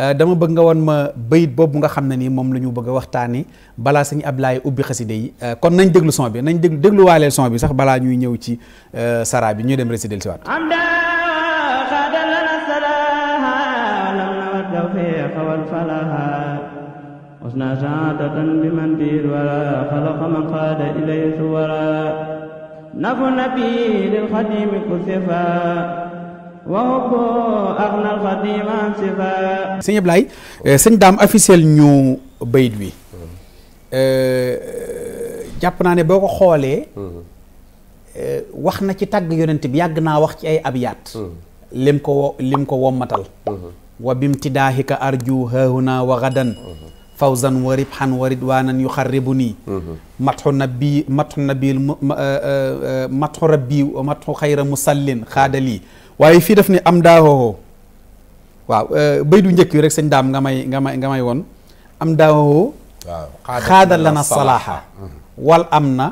Euh, dama bëgg nga woon ma bayit boobu nga xam ne nii moom lañu bëgg a waxtaani balaa sëñ Ablaye ubbi xaside yi euh, kon nañ déglu son bi nañ déglu déglu waaleel son bi sax balaa ñuy ñëw ci euh, sara bi ñuy dem résidel si waat حسنى سعادة بمن في الورى خلق من قاد إليه صورا نفنا به للخديم كسفا sëñ Ablaye euh, sëñ daam officiel ñu bayit wi euh, jàpp naa ne boo ko xoolee euh, wax na ci tàgg yonent bi yàgg naa wax ci ay abyaat lim ko lim ko wommatal wa bimtidaahika arju haahuna wa gadan fawzan wa ribhan wa ridwanan yuxarribu nii matxu nabi matxu nabil matxu xayra musallin xaadalii waaye fii daf ni am daawoo waaw euh, bay du njëkk yi rek sëñ daam nga may nga may nga may woon am daawoo xaada salaaxa wal am na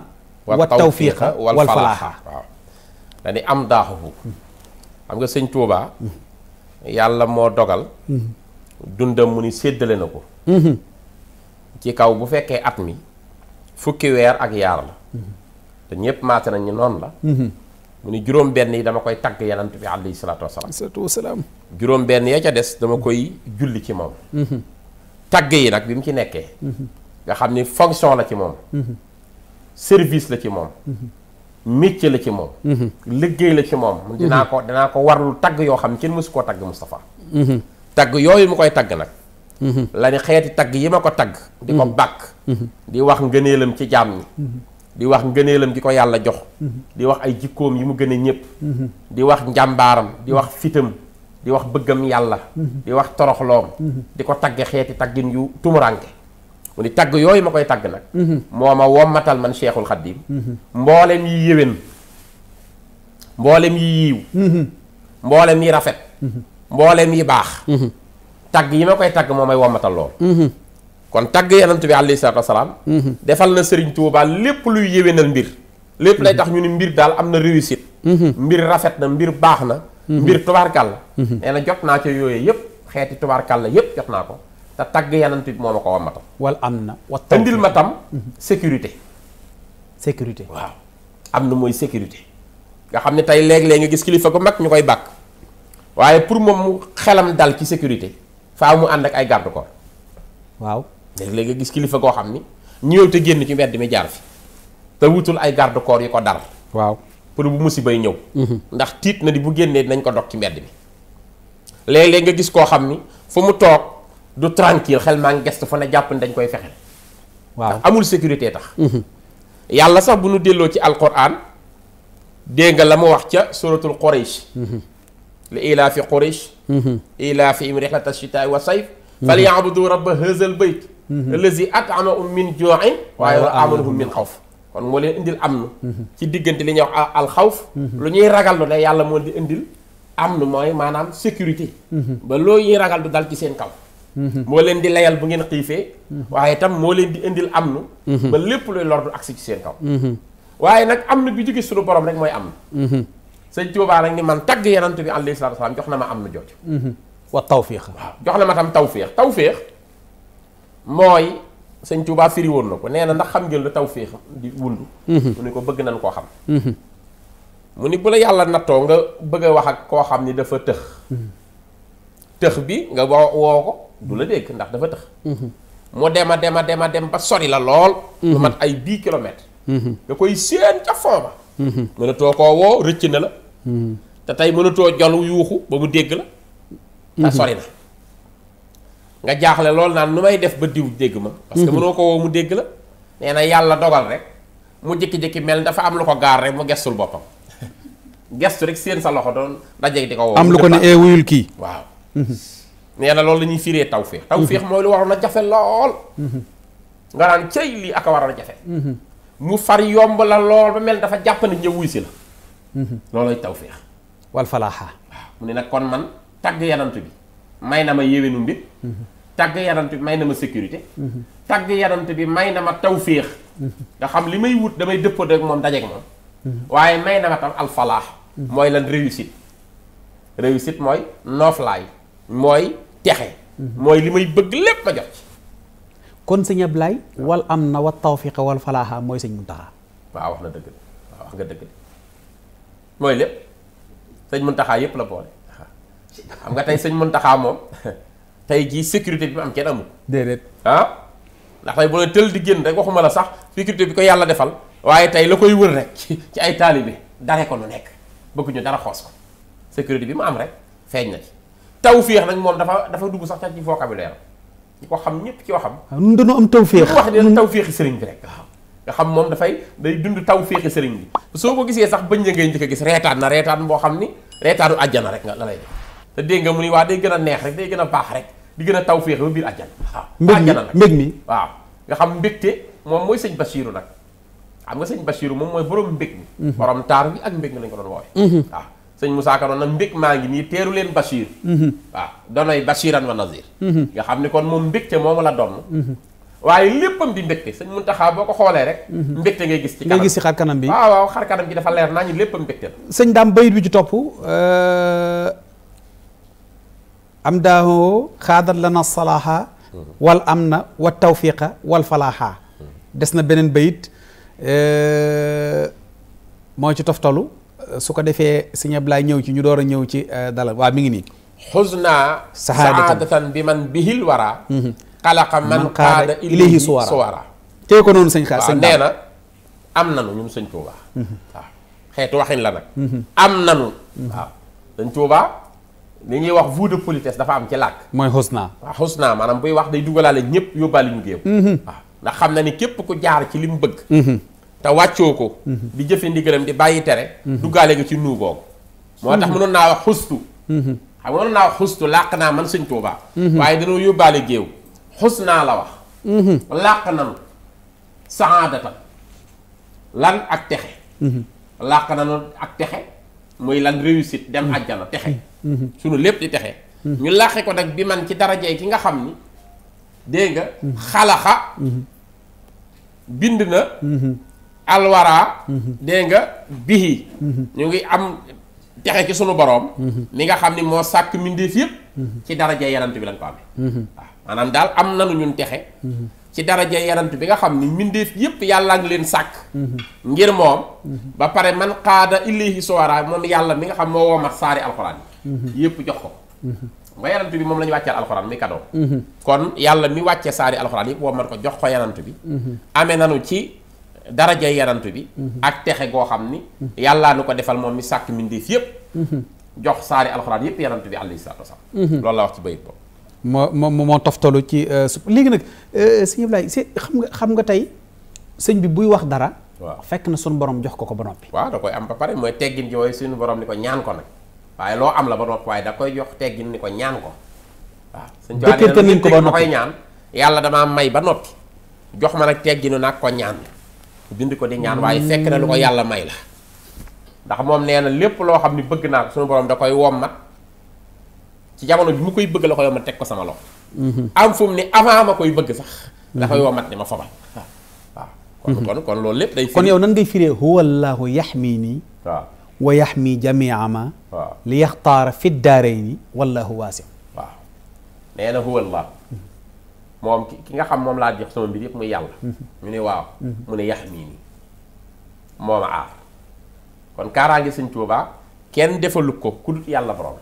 wa tawfiqa wal falaaxa waaw am daaxahu xam nga sëñ Tuubaa mhm. yàlla moo dogal mhm. dundam mu ni séddale na ko mhm. ci kaw bu fekkee at mi fukki weer ak yaar la te ñëpp maate nañ ñu la mu ni juróom benn yi dama koy tagg yonent bi alayhi salaatu wasalaam salaatu wasalaam juróom benn ya ca des dama koy julli ci moom mm-hmm. tagg yi nag bi mu ci nekkee mm-hmm. nga xam ni fonction la ci moom mm-hmm. service la ci moom métier la ci moom liggéey la ci moom dinaa ko dinaa ko warlu tagg yoo xam ne kenn mësu koo tagg Moustapha tagg yooyu mu koy tagg nag la xeeti tagg yi ma ko tagg di ko bàkk di wax ngëneelam ci jaam ñi di wax ngëneelam di ko yàlla jox mm-hmm. di wax ay jikkoom yi mu gën a ñépp mm-hmm. di wax njàmbaaram di wax mm-hmm. fitam di wax bëggam yàlla di wax toroxloom di ko tagge xeeti taggin yu tumuranke mu ni tagg yooyu ma koy tagg nag moo ma wommatal man Cheikhul Khadim mboolem yi yéwén mboolem yi yiiw mboolem yi rafet mboolem yi baax tagg yi ma koy tagg moo may wommatal lool kon tagg yonent bi alayhi salaatu wasalaam mhm. defal na Serigne Touba lépp luy yéwénal mbir lépp lay mhm. tax ñu ni mbir daal am na réussite mhm. mbir rafet na mbir baax na mbir tubaarkàll nee na jot naa ca yooyee yëpp xeeti tubaarkàll yëpp jot naa ko te tagg yonent bi moo ma ko wammatam wal am na indil ma tam sécurité sécurité waaw am na mooy sécurité nga xam ne tey léeg-léeg nga gis kilifa gu mag ñu koy bàkk waaye pour moom mu xelam dal ci sécurité faaw mu ànd ay garde corps léeg nga gis kilifa koo xam ni ñëw te génn ci mbedd mi jaar fi te wutul ay garde corps yu ko dar. waaw pour bu musibay ñëw. Mhm. ndax tiit na di bu génnee dinañ ko dog ci mbedd mi. léeg-léeg nga gis koo xam ni fu mu toog du tranquille xel maa ngi gestu fa ne jàpp ni dañ koy fexel waaw amul sécurité tax. Mhm. yàlla sax bu nu delloo ci alquran dénga la mu wax ca suratul Quraysh. Mhm. li ilaa fi Quraysh. ilaa fi im rihlata shitaay wa sayf. falyaabudu rabba haazal bayt Mm-hmm. allazi at'amahum min juu'in waaye wa aamanahum min xawf kon moo leen indil am na mm-hmm. ci diggante li ñuy wax alxawf mm-hmm. lu ñuy ragal lu ne yàlla moo di indil am na mooy maanaam sécurité ba loo ñuy ragal du dal ci seen kaw moo leen di layal bu ngeen xiifee waaye tam moo leen di indil am na ba lépp luy lor du agsi ci seen kaw waaye nag am na bi jóge suñu borom rek mooy am na sëñ Tuubaa nag ni man tagg yenant bi alayhi salaatu wa salaam jox na ma am na jooju wa tawféex waaw jox na ma tam tawféex tawféex mooy sëñ Tuubaa firi woon na ko nee na ndax xam ngeen lu tawféex di wundu mhm. mu ni ko bëgg nañ koo xam mhm. mu ni bu la yàlla nattoo nga bëgg a wax ak koo xam ni dafa tëx mhm. tëx bi nga woo woo ko du la dégg ndax dafa tëx mu dema dema dema dem ba sori la lool lu mat ay bii kilomètres nga koy séen ca fond ba mënatoo koo woo rëcc na la te tey mënatoo jol yuuxu ba mu dégg la te sori na nga jaaxle lool naan lu may def ba diw dégg ma. parce que mhm. mënoo ko woo mu dégg la. nee na yàlla dogal rek mu jékki-jékki mel dafa am lu ko gaar rek mu gestul boppam gestu rek seen sa loxo doon daje di ko woo. am lu ko ne ee eh, wuyul kii. waaw. Mhm. nee na loolu la ñuy firee tawféex. Mhm. tawféex mooy lu waroon a jafe lool. nga naan cëy lii ak a waroon a jafe. mu far yomb la lool ba mel dafa jàpp ne ñëw wuy si la. loolooy tawféex. wal falaaxa. mu ne nag kon man tagg yanantu bi may na ma yéwénu mbir. tàgg yarant bi may na ma sécurité tàgg yarant bi may na ma tawféex nga xam li may wut damay dëppoo ak moom dajeek moom waaye may na ma tam alfalaax mooy lan réussite réussite mooy nooflaay mooy texe mooy li may bëgg lépp ma jot ci kon sëñ Ablaye wal am na wa tawfiqa wal falaaxa mooy sëñ Muntaxa waaw wax na dëgg de waaw wax nga dëgg de mooy lépp sëñ Muntaxa yépp la boole nga tey sëñ mun taxaa moom tey jii sécurité bi mu am kenn amu ko. déedéet ah ndax tey bu tël di génn rek waxuma la sax sécurité bi ko yàlla defal waaye tey la koy wër rek ci ay taalibe dare ko nu nekk bëgguñu dara xoos ko sécurité bi mu am rek feeñ na ci tawféex nañ moom dafa dafa dugg sax ca ci vocabulaire ñi ko xam ñëpp ci waxam. waaw ah, ñun dañoo am tawféex. wax ne tawféexi sëriñ bi rek waaw. nga xam moom dafay day dund tawféexi sëriñ bi soo ko gisee sax bañ na ngay njëkk a gis reetaan na reetaan boo xam ni reetaanu àjjana rek nga la lay def te dégg nga mu ni waa day gën a neex rek day gën a baax rek di gën a taw féex ba biir àjjana. Ah. waaw àjjana mbég mi waaw nga xam mbégte moom mooy sëñ Bachirou nag xam nga sëñ Bachirou moom mooy borom mbég mi. Mhm. borom taar bi ak mbég mi lañ ko doon woowee. Mhm. waaw sëñ Moussa Ka maa ngi nii teeru leen Bachir. Mhm. waaw doonay Bachiran wa Nazir. nga ne kon moom mbégte moomu la doon. waaye léppam di mbégte sëñ Muntaxa boo ko xoolee rek mbégte ngay gis ci kanam ngay gis bi waaw waaw xar kanam bi dafa leer naa ñu léppam mbégte la sëñ daam bayit bi ci topp euh, am daaho xaadar lana salaaha wal am na wa tawfiqa wal falaaha des na beneen bayit eh, moo ci toftalu eh, su ko defee sëñ Ablaay ñëw ci ñu door a ñëw ci eh, dalal waa mi ngi nii xusna bi man bihil wara mhm. xalaqa man qaada ilayhi suwara ko noonu sëñ xaar sëñ nee na am nanu ñun sëñ Tuubaa mhm. waaw waxin la nag mhm. am nanu waaw sëñ Tuubaa li ñuy wax voue de politesse dafa am ci làkk mooy xusna waaw xusna maanaam buy wax day dugalaale ñëpp yóbbaale ñu géew mhm. waaw ndax xam na ni képp ku jaar ci li mu bëgg mhm. te wàccoo ko bi mhm. jëfe ndigalam di bàyyi tere duggaale nga ci nuugoogu moo tax mënoon naa wax xustu xam nga mënoon naa wax xustu làq naa man sëñ Tuubaa waaye dañoo yóbbaale géew xus naa la wax làq nanu saadatan lan ak texe làq nanu ak texe muy lan réussite dem àjjana texe sunu lépp di texe ñu làqe ko nag bi man ci darajey ki nga xam ni dégg nga xalaxa bind na alwara dégg nga bihi ñu ngi am texe ci sunu boroom mi nga xam ni moo sàkk mbindéef yëpp ci daraja yarant bi lañ ko amee waaw maanaam daal am nanu ñun texe ci daraja yarant bi nga xam ni mbindeef yépp yàllaa ngi leen sàkk ngir moom ba pare man xaada ilayhi suwara moom yàlla mi nga xam moo woomat saari alxuraan yi yépp jox ko bi moom la ñu wàcceel alxuraan mi kon yàlla mi wàcce saari alxuraan yépp woomat ko jox ko yarant bi amee nanu ci daraja yarant bi ak texe goo xam ni yàllaa nu ko defal moom mi sàkk mbindeef yépp jox saari alxuraan yépp yarant bi alayhi salaatu wasalaam mm-hmm. loolu la wax ci bayit boobu moo moo moo toftalu ci euh, su léegi nag euh, sëñ Ablaye si xam nga xam nga tey sëñ bi buy wax dara. waaw fekk na suñu borom jox ko ko ba noppi. waaw da koy am ba pare mooy teggin jooy suñu borom ni ko ñaan ko nag waaye loo am la ba noppi waaye koy jox teggin ni ko ñaan ko. waaw suñu joxante nañ ko ba noppi koy ñaan. yàlla damaa may ba noppi jox ma nag tegginu nag ko ñaan bind ko di ñaan waaye fekk na lu ko yàlla may la ndax moom nee na lépp loo xam ni bëgg naa ko suñu borom da koy wommat. ci jamono bi mu koy bëgg la ko yomat teg ko sama loxo. am fu mu ne avant koy bëgg sax. Mhm. dafa yomat ne ma fobal mhm. kon loolu lépp day. kon yow nan ngay firee huwa allahu yaxmini. waaw wa yaxmi jamia ma. li yaxtaara fi daarayni wallahu waasi. waaw allah moom ki nga xam moom laa jox sama yëpp muy yàlla. Mhm. ñu ne waaw. mu ne yaxmini moom a aar kon kaaraange sëñ Tuubaa kenn defalu ko ku yàlla borom.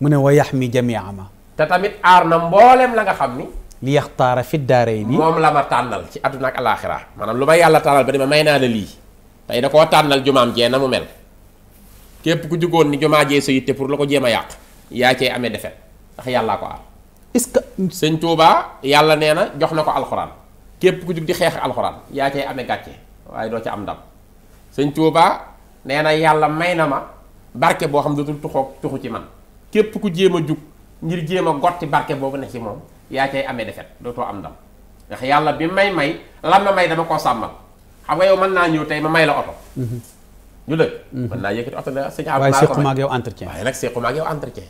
mu ne wa yaxmi jamia ma te tamit aar na mbooleem la nga xam ni li yaxtaara fi daaray ni moom la ma tànnal ci àdduna ak alaaxira maanaam lu ma yàlla tànnal ba ne ma may naa la lii tey da koo tànnal jumaam jee na mu mel képp ku jugoon ni jumaa jee sa yitte pour la ko jéem a yàq yaa cee amee defet ndax yàllaa ko aar est-ce que sëñ Tuubaa yàlla nee na jox na ko alxuraan képp ku jug di xeex alxuraan yaa cee amee gàcce waaye doo ca am ndam sëñ Tuubaa nee na yàlla may na ma barke boo xam ne dootul tuxoo ci man képp ku jéem a jug ngir jéem a gotti barke boobu na ci moom yaa cay amee defet dootoo am ndam ndax yàlla bi may may lan ma may dama koo sàmmal xam nga yow mën naa ñëw tey ma may la oto mhm. ñu dëgg mhm. mën naa yëkkati oto na sëñ waaye sequma ak yow entretien waaye nag yow entretien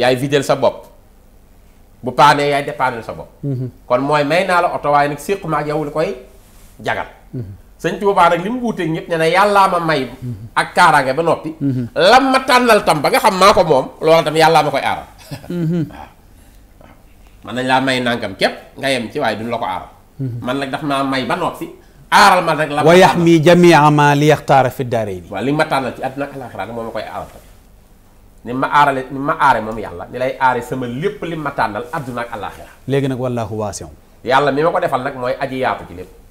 yaay videl sa bopp bu paanee yaay dépanel sa bopp mhm. kon mooy may naa la oto waaye nag sequma ak yow li koy jagal sëñ Tuubaa rek li mu wuuteeg ñëpp ne na yàllaa ma may ak kaaraange ba noppi lam ma tànnal tam ba nga xam maa ko moom loola tam yàllaa ma koy aaral nañ laa may nangam képp nga yem ci waaye la ko aaral man nag daf may ba noppi aaral ma rek la wa yaxmi jamia ma li yaxtaara fi daarayni waaw li ma ci àdduna ak alaaxira moom ma koy aaral ma aarale ni ma aare moom yàlla ni lay aare sama lépp li ma tànnal àdduna ak alaaxira léegi nag wallaahu waasiun yàlla mi ma ko defal nag mooy aji yaatu ci lépp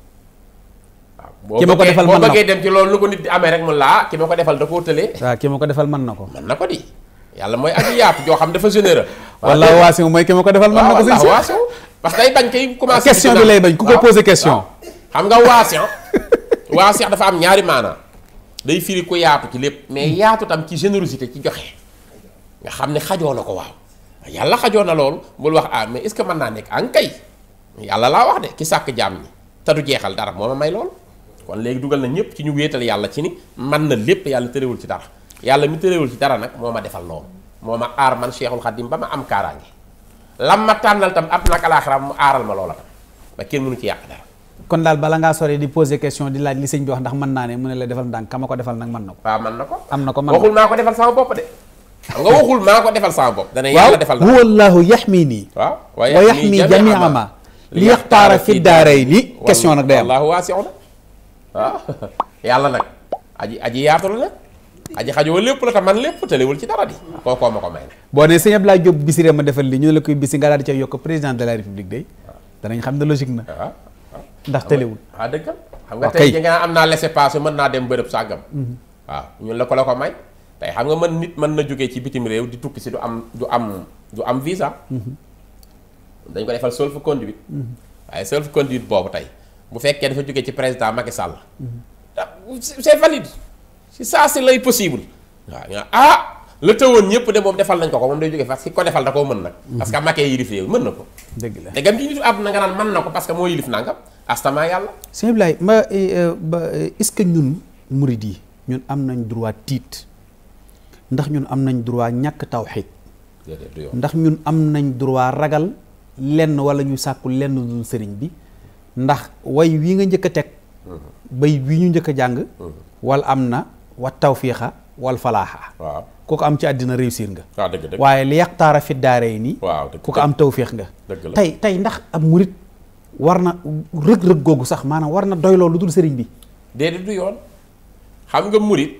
ki ma ko defal man na ko boo dem ci loolu lu ko nit di amee rek ki ma ko defal da koo tëlee. waaw ko defal mën na ko. mën na ko di yàlla mooy ak yaatu joo xam dafa généreux. wala waasiw mooy ki ma ko defal mën na ko. waaw waasiw parce que day bañ kay commencé. question bi lay ko posé question. xam nga waasiw waasiw dafa am ñaari maana day firi ko yaatu ci lépp mais yaatu tam ci générosité ci joxe nga xam ne xajoo na ko waaw yàlla xajoo na loolu bul wax ah mais est-ce que naa nekk an ah, kay yàlla laa wax de ki sàkk jaam ñi te du jeexal dara moo ma may loolu kon léegi dugal na ñëpp ci ñu wéetal yàlla ci ni man na lépp yàlla tëréwul ci dara yàlla mi tëréwul ci dara nag moo ma defal loolu moo ma aar man Cheikhul Khadim ba ma am kaaraange lam ma tànnal tam ab nag alaaxira mu aaral ma loola tam ba kenn mënu ci yàq dara kon daal bala ngaa soree di poser question di laaj li sëñ bi wax ndax mën naa ne mu ne la defal ndànk ka ma ko defal nag man na ko waaw na ko am na ko mën waxul maa ko defal sama bopp ko defal sama dana yàlla defal waaw huwallaahu yaxmi nii waaw wa yaxmi jamiama li yaxtaara fi daaray ni question nag day am wallaahu waasiun waaw ah, yàlla nag aji aji yaatu la nag aji xajoo lépp la te man lépp tëlewul ci dara di kookoo ma ko may boo ne sëñ Abdoulaye Diop Bichri ma defal li ñu ne la koy bisi nga daal di cay yokk président de la république day danañ xam ne logique na ah, ah, ndax tëlewul ah dëgg xam nga tey ji nga am naa laisser passer mën naa dem bërëb sàggam waaw mhm. ñun la ko la ko may tey xam nga man nit mën na jógee ci bitim réew di tukki si du am du am du am visa mhm. dañ ko defal self conduite mhm. waaye self conduite boobu tey bu fekkee dafa jógee ci président Macky Sall. Mm-hmm. Ah, c'est valide si saa si lay possible waaw ah la woon ñëpp de moom defal nañ ko ko moom day jógee parce que ko defal da koo mën nag. Mm-hmm. parce que Macky yilif réew mën na ko. dëgg la te gam ci nitu àdduna nga naan mën na ko parce que moo yilif nangam astama yàlla. sëñ Ablaye ma eh, eh, eh, est-ce que ñun murid yi ñun am nañ droit tiit ndax ñun am nañ droit ñàkk tawxiid ndax ñun am nañ droit ragal lenn wala ñu sàkku lenn dul sëriñ bi. ndax way wii nga njëkk a teg mhm. bay wii ñu njëkk a jàng mhm. wal am na wa tawfiixa wal falaaxa waaw ku ko am ci àddina réussir nga waaw ah, waaye li yaxtaara fi daare nii waaw ku ko am tawfiix nga tey tey ndax am murit war na googu sax maanaam war na doyloo lu dul sëriñ bi déedéet du nga murit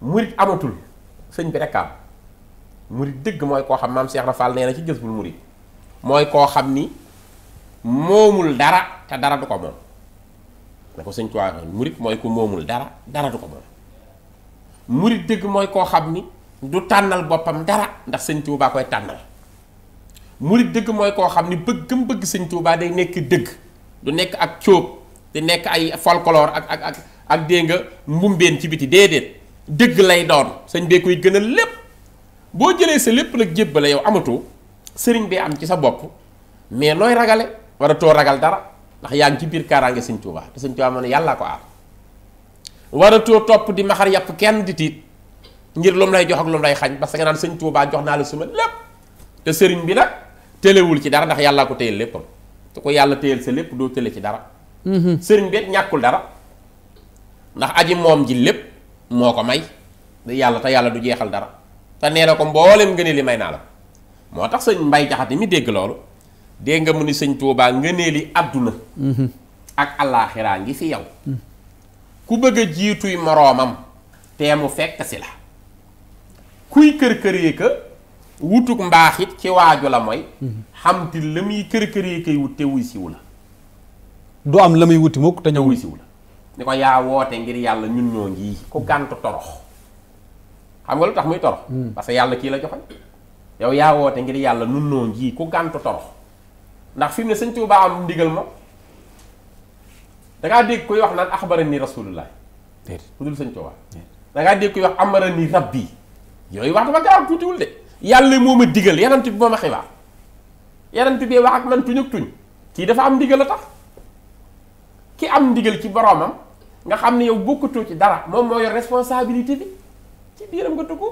murit amatul sëñ bi rek am murit dëgg mooy koo xam maam Cheikh Rafal nee na ci jës bul murit mooy koo xam ni moomul dara te dara du ko moom na ko sëñ Tuubaa murit mooy ku moomul dara dara du ko moom murit dëgg mooy koo xam ni du tànnal boppam dara ndax sëñ Tuubaa koy tànnal murit dëgg mooy koo xam ni bëgg bëgg sëñ Tuubaa day nekk dëgg du nekk ak cóob di nekk ay folklore ak ak ak dénga dégg nga mbumbeen ci biti déedéet dëgg lay doon sëñ bee koy gënal lépp boo jëlee sa lépp nag la yow amatoo sëriñ bi am ci sa bopp mais nooy ragale waratoo ragal dara ndax yaa ngi ci biir kaaraange sëñ Tuuba te sëñ Tuuba moo ne yàllaa ko aar topp di maxar yàpp kenn di tiit ngir lu lay jox ak lay xañ parce que naan sëñ Tuuba jox naa la suma lépp te sëriñ bi nag tëlewul ci dara ndax yàllaa ko téyel léppam te ko yàlla téyel sa lépp doo tële ci dara mhm. sëriñ bi ñàkkul dara ndax aji moom ji lépp moo ko may yàlla te yàlla du jeexal dara te nee na ko mboolem gëne li may naa la moo tax sëñ mbay jaxate mi dégg loolu dégg nga mu ni sëñ Tuubaa ngëneeli àdduna mhm. ak allaaxiraa ngi fi yow ku bëgg a jiituy moroomam te mu fekk si la kuy kër-këree ka wutuk mbaaxit ci waaju la mooy mhm. xamti la muy kër-këree kay wut te wuy siwu la du am la muy wuti mukk te ñëw wuy siwu la ni ko yaa woote ngir yàlla ñun ñoo ngi ku gàntu torox xam nga lu tax muy torox mhm. parce que yàlla kii la joxoon yow yaa woote ngir yàlla ñun ñoo ngi ku gàntu torox ndax fi mu ne sëñ Tuubaa am ndigal ma da dégg koy wax naan axbara ni rasulullah ku dul sëñ Tuubaa dangaa ngaa dégg koy wax amara ni rabbi yooyu wax dafa gaaw tuutiwul de yàlla moo a diggal yanant bi moo ma xibaar yanant bee wax ak man tuñ ak tuñ kii dafa am ndigal a tax ki am ndigal ci boroomam nga xam ne yow bokkatoo ci dara moom moo yor responsabilité bi ci biiram nga dugg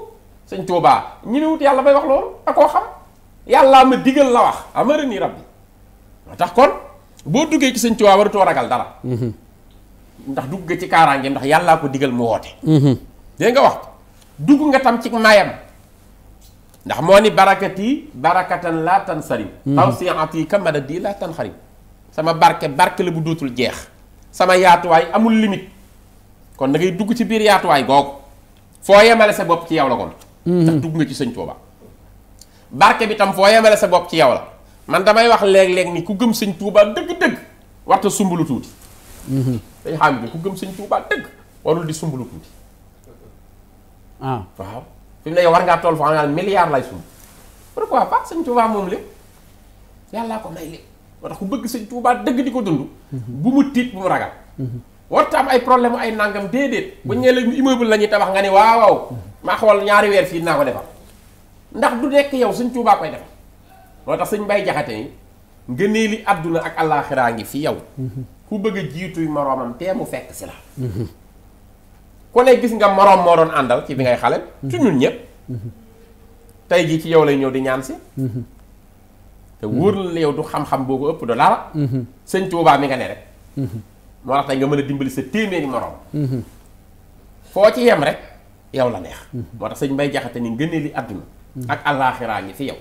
sëñ Tuubaa ñi ne wut yàlla bay wax loolu da koo xam yàllaa ma digal la wax amara ni tax kon boo duggee ci sëñ Tuubaa waratoo ragal dara. Mhm. ndax dugg nga ci kaaraange ndax yàllaa ko digal mu woote. Mhm. dégg nga wax dugg nga tam ci mayam ndax moo ni barakati barakatan laa tan sarim mhm. taw si ati kamada di laa tan xarim sama barke barke la bu duutul jeex sama yaatuwaay amul limit kon da ngay dugg ci biir yaatuwaay googu foo yemale sa bopp ci yow la kon. ndax dugg nga ci sëñ Tuubaa barke bi tam foo yemale sa bopp ci yow la. man damay wax léeg-léeg ni ku gëm sëñ Touba dëgg-dëgg warta sumbulu tuuti. dañ xam ne ku gëm suñ Touba dëgg warul di sumbulu tuuti. ah waaw fi mu ne war ngaa toll foo xam ne milliard lay sumb. pourquoi pas sëñ Touba moom lépp yàllaa ko may lépp moo tax bëgg sëñ Touba dëgg di ko dund. Mhm. bu tiit mu ragal. Mhm. warta am ay problème ay nangam déedéet. bu ñëwee la immeuble la ñuy tabax nga ni waaw waaw mhm. maa xool ñaari weer fii naa ko defal ndax du nekk yow suñ tuubaa koy defal. moo tax sëñ mbay Jaxate yi li àdduna ak àllaaxiraa ngi fi yow mm-hmm. ku bëgg a jiituy moroomam tee mu fekk si la mm-hmm. ku ne gis nga moroom moo doon àndal ci bi ngay xale mm-hmm. ci ñun ñëpp tey jii ci yow lay ñëw di ñaan si te wóor la yow du xam-xam boo ko ëpp du dara sëñ Tuubaa mi nga ne rek moo tax tey nga mën a dimbali sa téeméeri moroom foo ci yem rek yow la neex moo tax sëñ mbay Jaxate ni li àdduna ak allaaxiraa ngi fi yow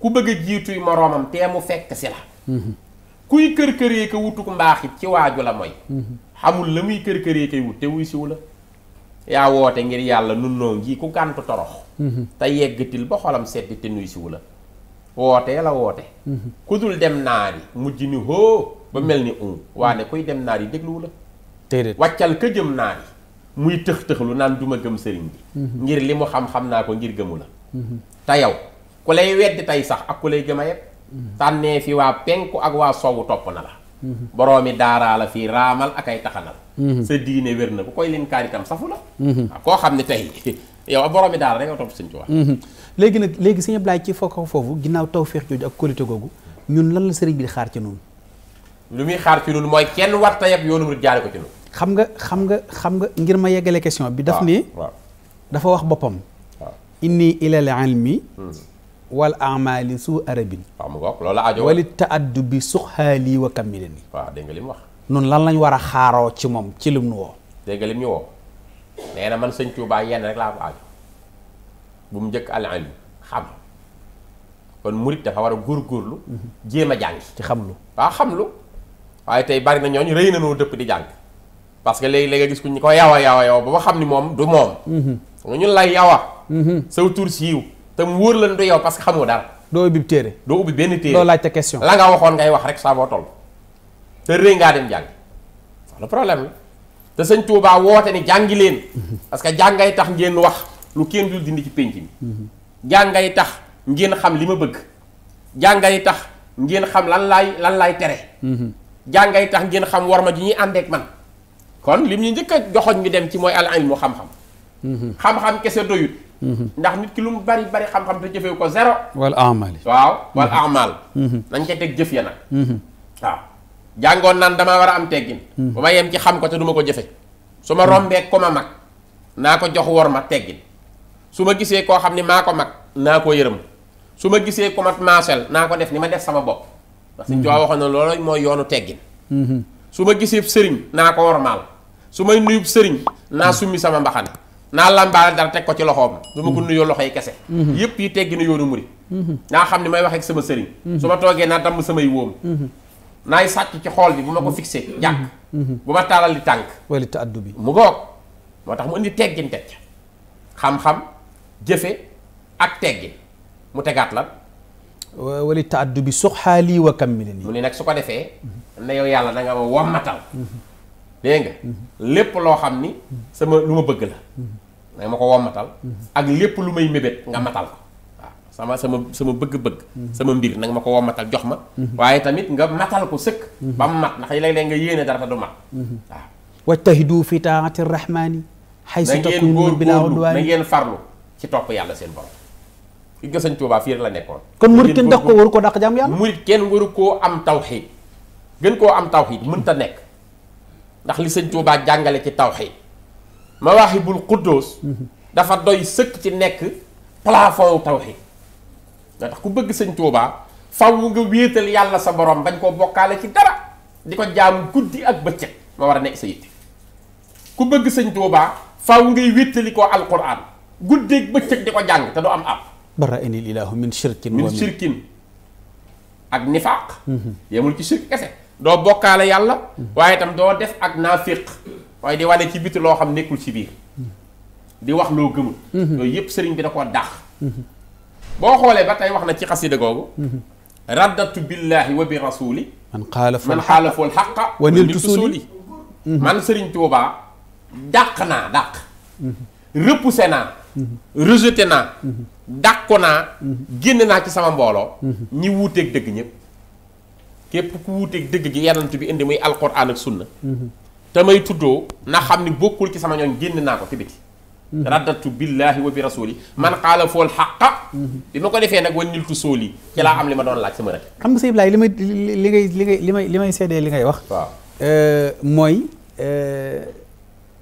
ku bëgg a jiituy moroomam tee mu fekk si la kuy kër-këree ko wutuk mbaax it ci waaju la mooy xamul la muy kër-këree koy wut te wuy siwu la yaa woote ngir yàlla nun noo ngi ku gàntu torox te yeggatil ba xolam sedd te nuy siwu la wootee la woote ku dul dem naari mujj ni hoo ba mel ni un waane kuy dem naari dégluwu la wàccal ka jëm naari muy tëx tëx lu naan duma gëm sëriñ bi ngir li mu xam-xam naa ko ngir gëmu la te yow ku lay weddi tey sax ak ku lay gëm yëpp tànnee fi waa penku ak waa sowu topp na la boroomi daaraa la fii raamal ak ay taxanal sa diine wér na bu koy leen kaar itam safu la koo xam ne tey yow ak boroomi daara da nga topp sëñ Tuubaa léegi nag léegi sëñ Ablaye ci fokk foofu ginnaaw tawféex jooju ak kóolute googu ñun lan la sëriñ bi xaar ci noonu lu muy xaar ci noonu mooy kenn warta yab yoonu mu jaare ko ci noonu xam nga xam nga xam nga ngir ma yeggale question bi daf ne dafa wax boppam inni ilal ilmi wal amali su arabin waaw mu ngoog loolu aajo wali taaddu bi suxaali wa kammile ni waaw dégg nga li wax nun lan lañ war a xaaroo ci moom ci lim nu woo dégg nga woo nee man sëñ Tuubaa yenn rek laa ko aajo bu mu njëkk al ilmi xam kon murit dafa war a góorgóorlu jéem a jàng ci xamlu waaw xamlu waaye tey bari na ñooñu rëy na noo dëpp di jàng parce que léegi-léegi gis ku ñu ko yawa yawa yawa ba xam ni moom du moom mhm. ñun lay yawa Mm-hmm. saw tur siiw te mu wóor lan du yow parce que xamoo dara doo ubbi téere doo ubbi benn téere doo laajte question la nga waxoon ngay wax rek saa boo te rëy ngaa dem jàng le problème la te sëñ Tuubaa woote ni jàngi leen mm-hmm. parce que jàngay tax ngeen wax lu kenn dul dindi ci pénc mi mm-hmm. jàngay tax ngeen xam li ma bëgg jàng jàngay tax ngeen xam lan laay lan laay tere jàngay tax ngeen xam war ma ji ñuy àndeek man kon lim ñu njëkk a joxoñ ñu dem ci mooy al ilmu xam-xam kese ndax nit ki lu mu bari bari xam-xam te jëfee ko zéro. wal amal waaw mm-hmm. wal amal. Mm-hmm. nañ ca teg jëf ya nag. Mm-hmm. waaw jàngoon naan damaa war a am teggin. bu ma yem ci xam ko te du ma ko jëfe su ma rombee ko ma mag naa ko jox wor ma teggin su ma gisee koo xam ne maa ko mag naa ko yërëm su ma gisee ko mat maasel naa ko def ni ma def sama bopp. parce que joo waxoon na loolu mooy yoonu teggin. su ma gisee sëriñ naa ko wormaal su may nuyub sëriñ naa summi sama mbaxane naa làmbaale dara teg ko ci loxoom mm-hmm. du ma ko nuyoo loxo yi kese mm-hmm. yëpp yi teggi na yoonu murit mm-hmm. naa xam ne may wax ak sama sëriñ su ma toogee naa damm samay wóom naay sàcc ci xool bi bu ma ko fixé jàkk bu ma taalal di tànk wala te bi mu goog moo tax mu indi teggin teg xam jëfe ak teggin mu tegaat lan wali taaddu bi suxaali wa kammili nii mu ni nag su ko defee na yow yàlla da nga ma wommatal dégg nga lépp loo xam ni sama lu ma bëgg la nanga ma ko wommatal ak lépp lu may mébét nga matal ko waaw sama sama sama bëgg-bëgg sama mbir nanga ma ko wommatal jox ma waaye tamit nga matal ko sëkk ba mu mat ndax nga yéene dara te du mat waaw wajtahidu fi taati rahmani xaysu takunu bila udwaan na ngeen farlu ci topp yàlla seen borom ki nga sëñ Tuubaa la nekkoon kon murit kenn daq ko ko daq jàmm yàlla murit kenn waru koo am tawxiid gën koo am tawxiid mënta nekk ndax li sëñ Tuubaa jàngale ci tawxiid Mawaahibul Quddus dafa doy sëkk ci nekk plafond tawhid nga tax ku bëgg sëñ Tuubaa faw nga wéetal yàlla sa borom bañ koo bokkaale ci dara di ko jaamu guddi ak bëccëg ma war a nekk sa yitte ku bëgg sëñ Tuubaa faw ngay wéttali koo alquran guddeeg bëccëg di ko jàng te du am ab bara inil ilaahu min shirkin min shirkin ak nifaaq mhm. yemul ci shirk kese doo bokkaale yàlla mhm. waaye itam doo def ak naafiq waaye de wane ci biti loo xam nekkul ci biir di wax loo gëmul mhm. yooyu yëpp sëriñ bi da koo dàq mhm. boo xoolee ba tey wax na ci xasida googu mhm. raddatu billahi wa bi rasuli man xaalaful xaqa wa niltu suuli man sëriñ Tuubaa dàq naa dàq repoussé naa rejeté naa dàqu naa génn naa ci sama mbooloo ñi wuuteeg dëgg ñëpp képp ku wuuteeg dëgg gi yanant bi indi muy alquran ak sunna te may tuddoo na xam ni bokkul ci sama ñoon génn naa ko ci biti mhm. raddatu billahi wa bi rasuli man xaala fool xaqa mhm. bi ma ko defee nag waniltu sóoli ci laa am li ma doon laaj sama rek xam nga sëñ Ibrahima li li ngay li ngay li may li may seedee li ngay wax waaw euh, mooy euh,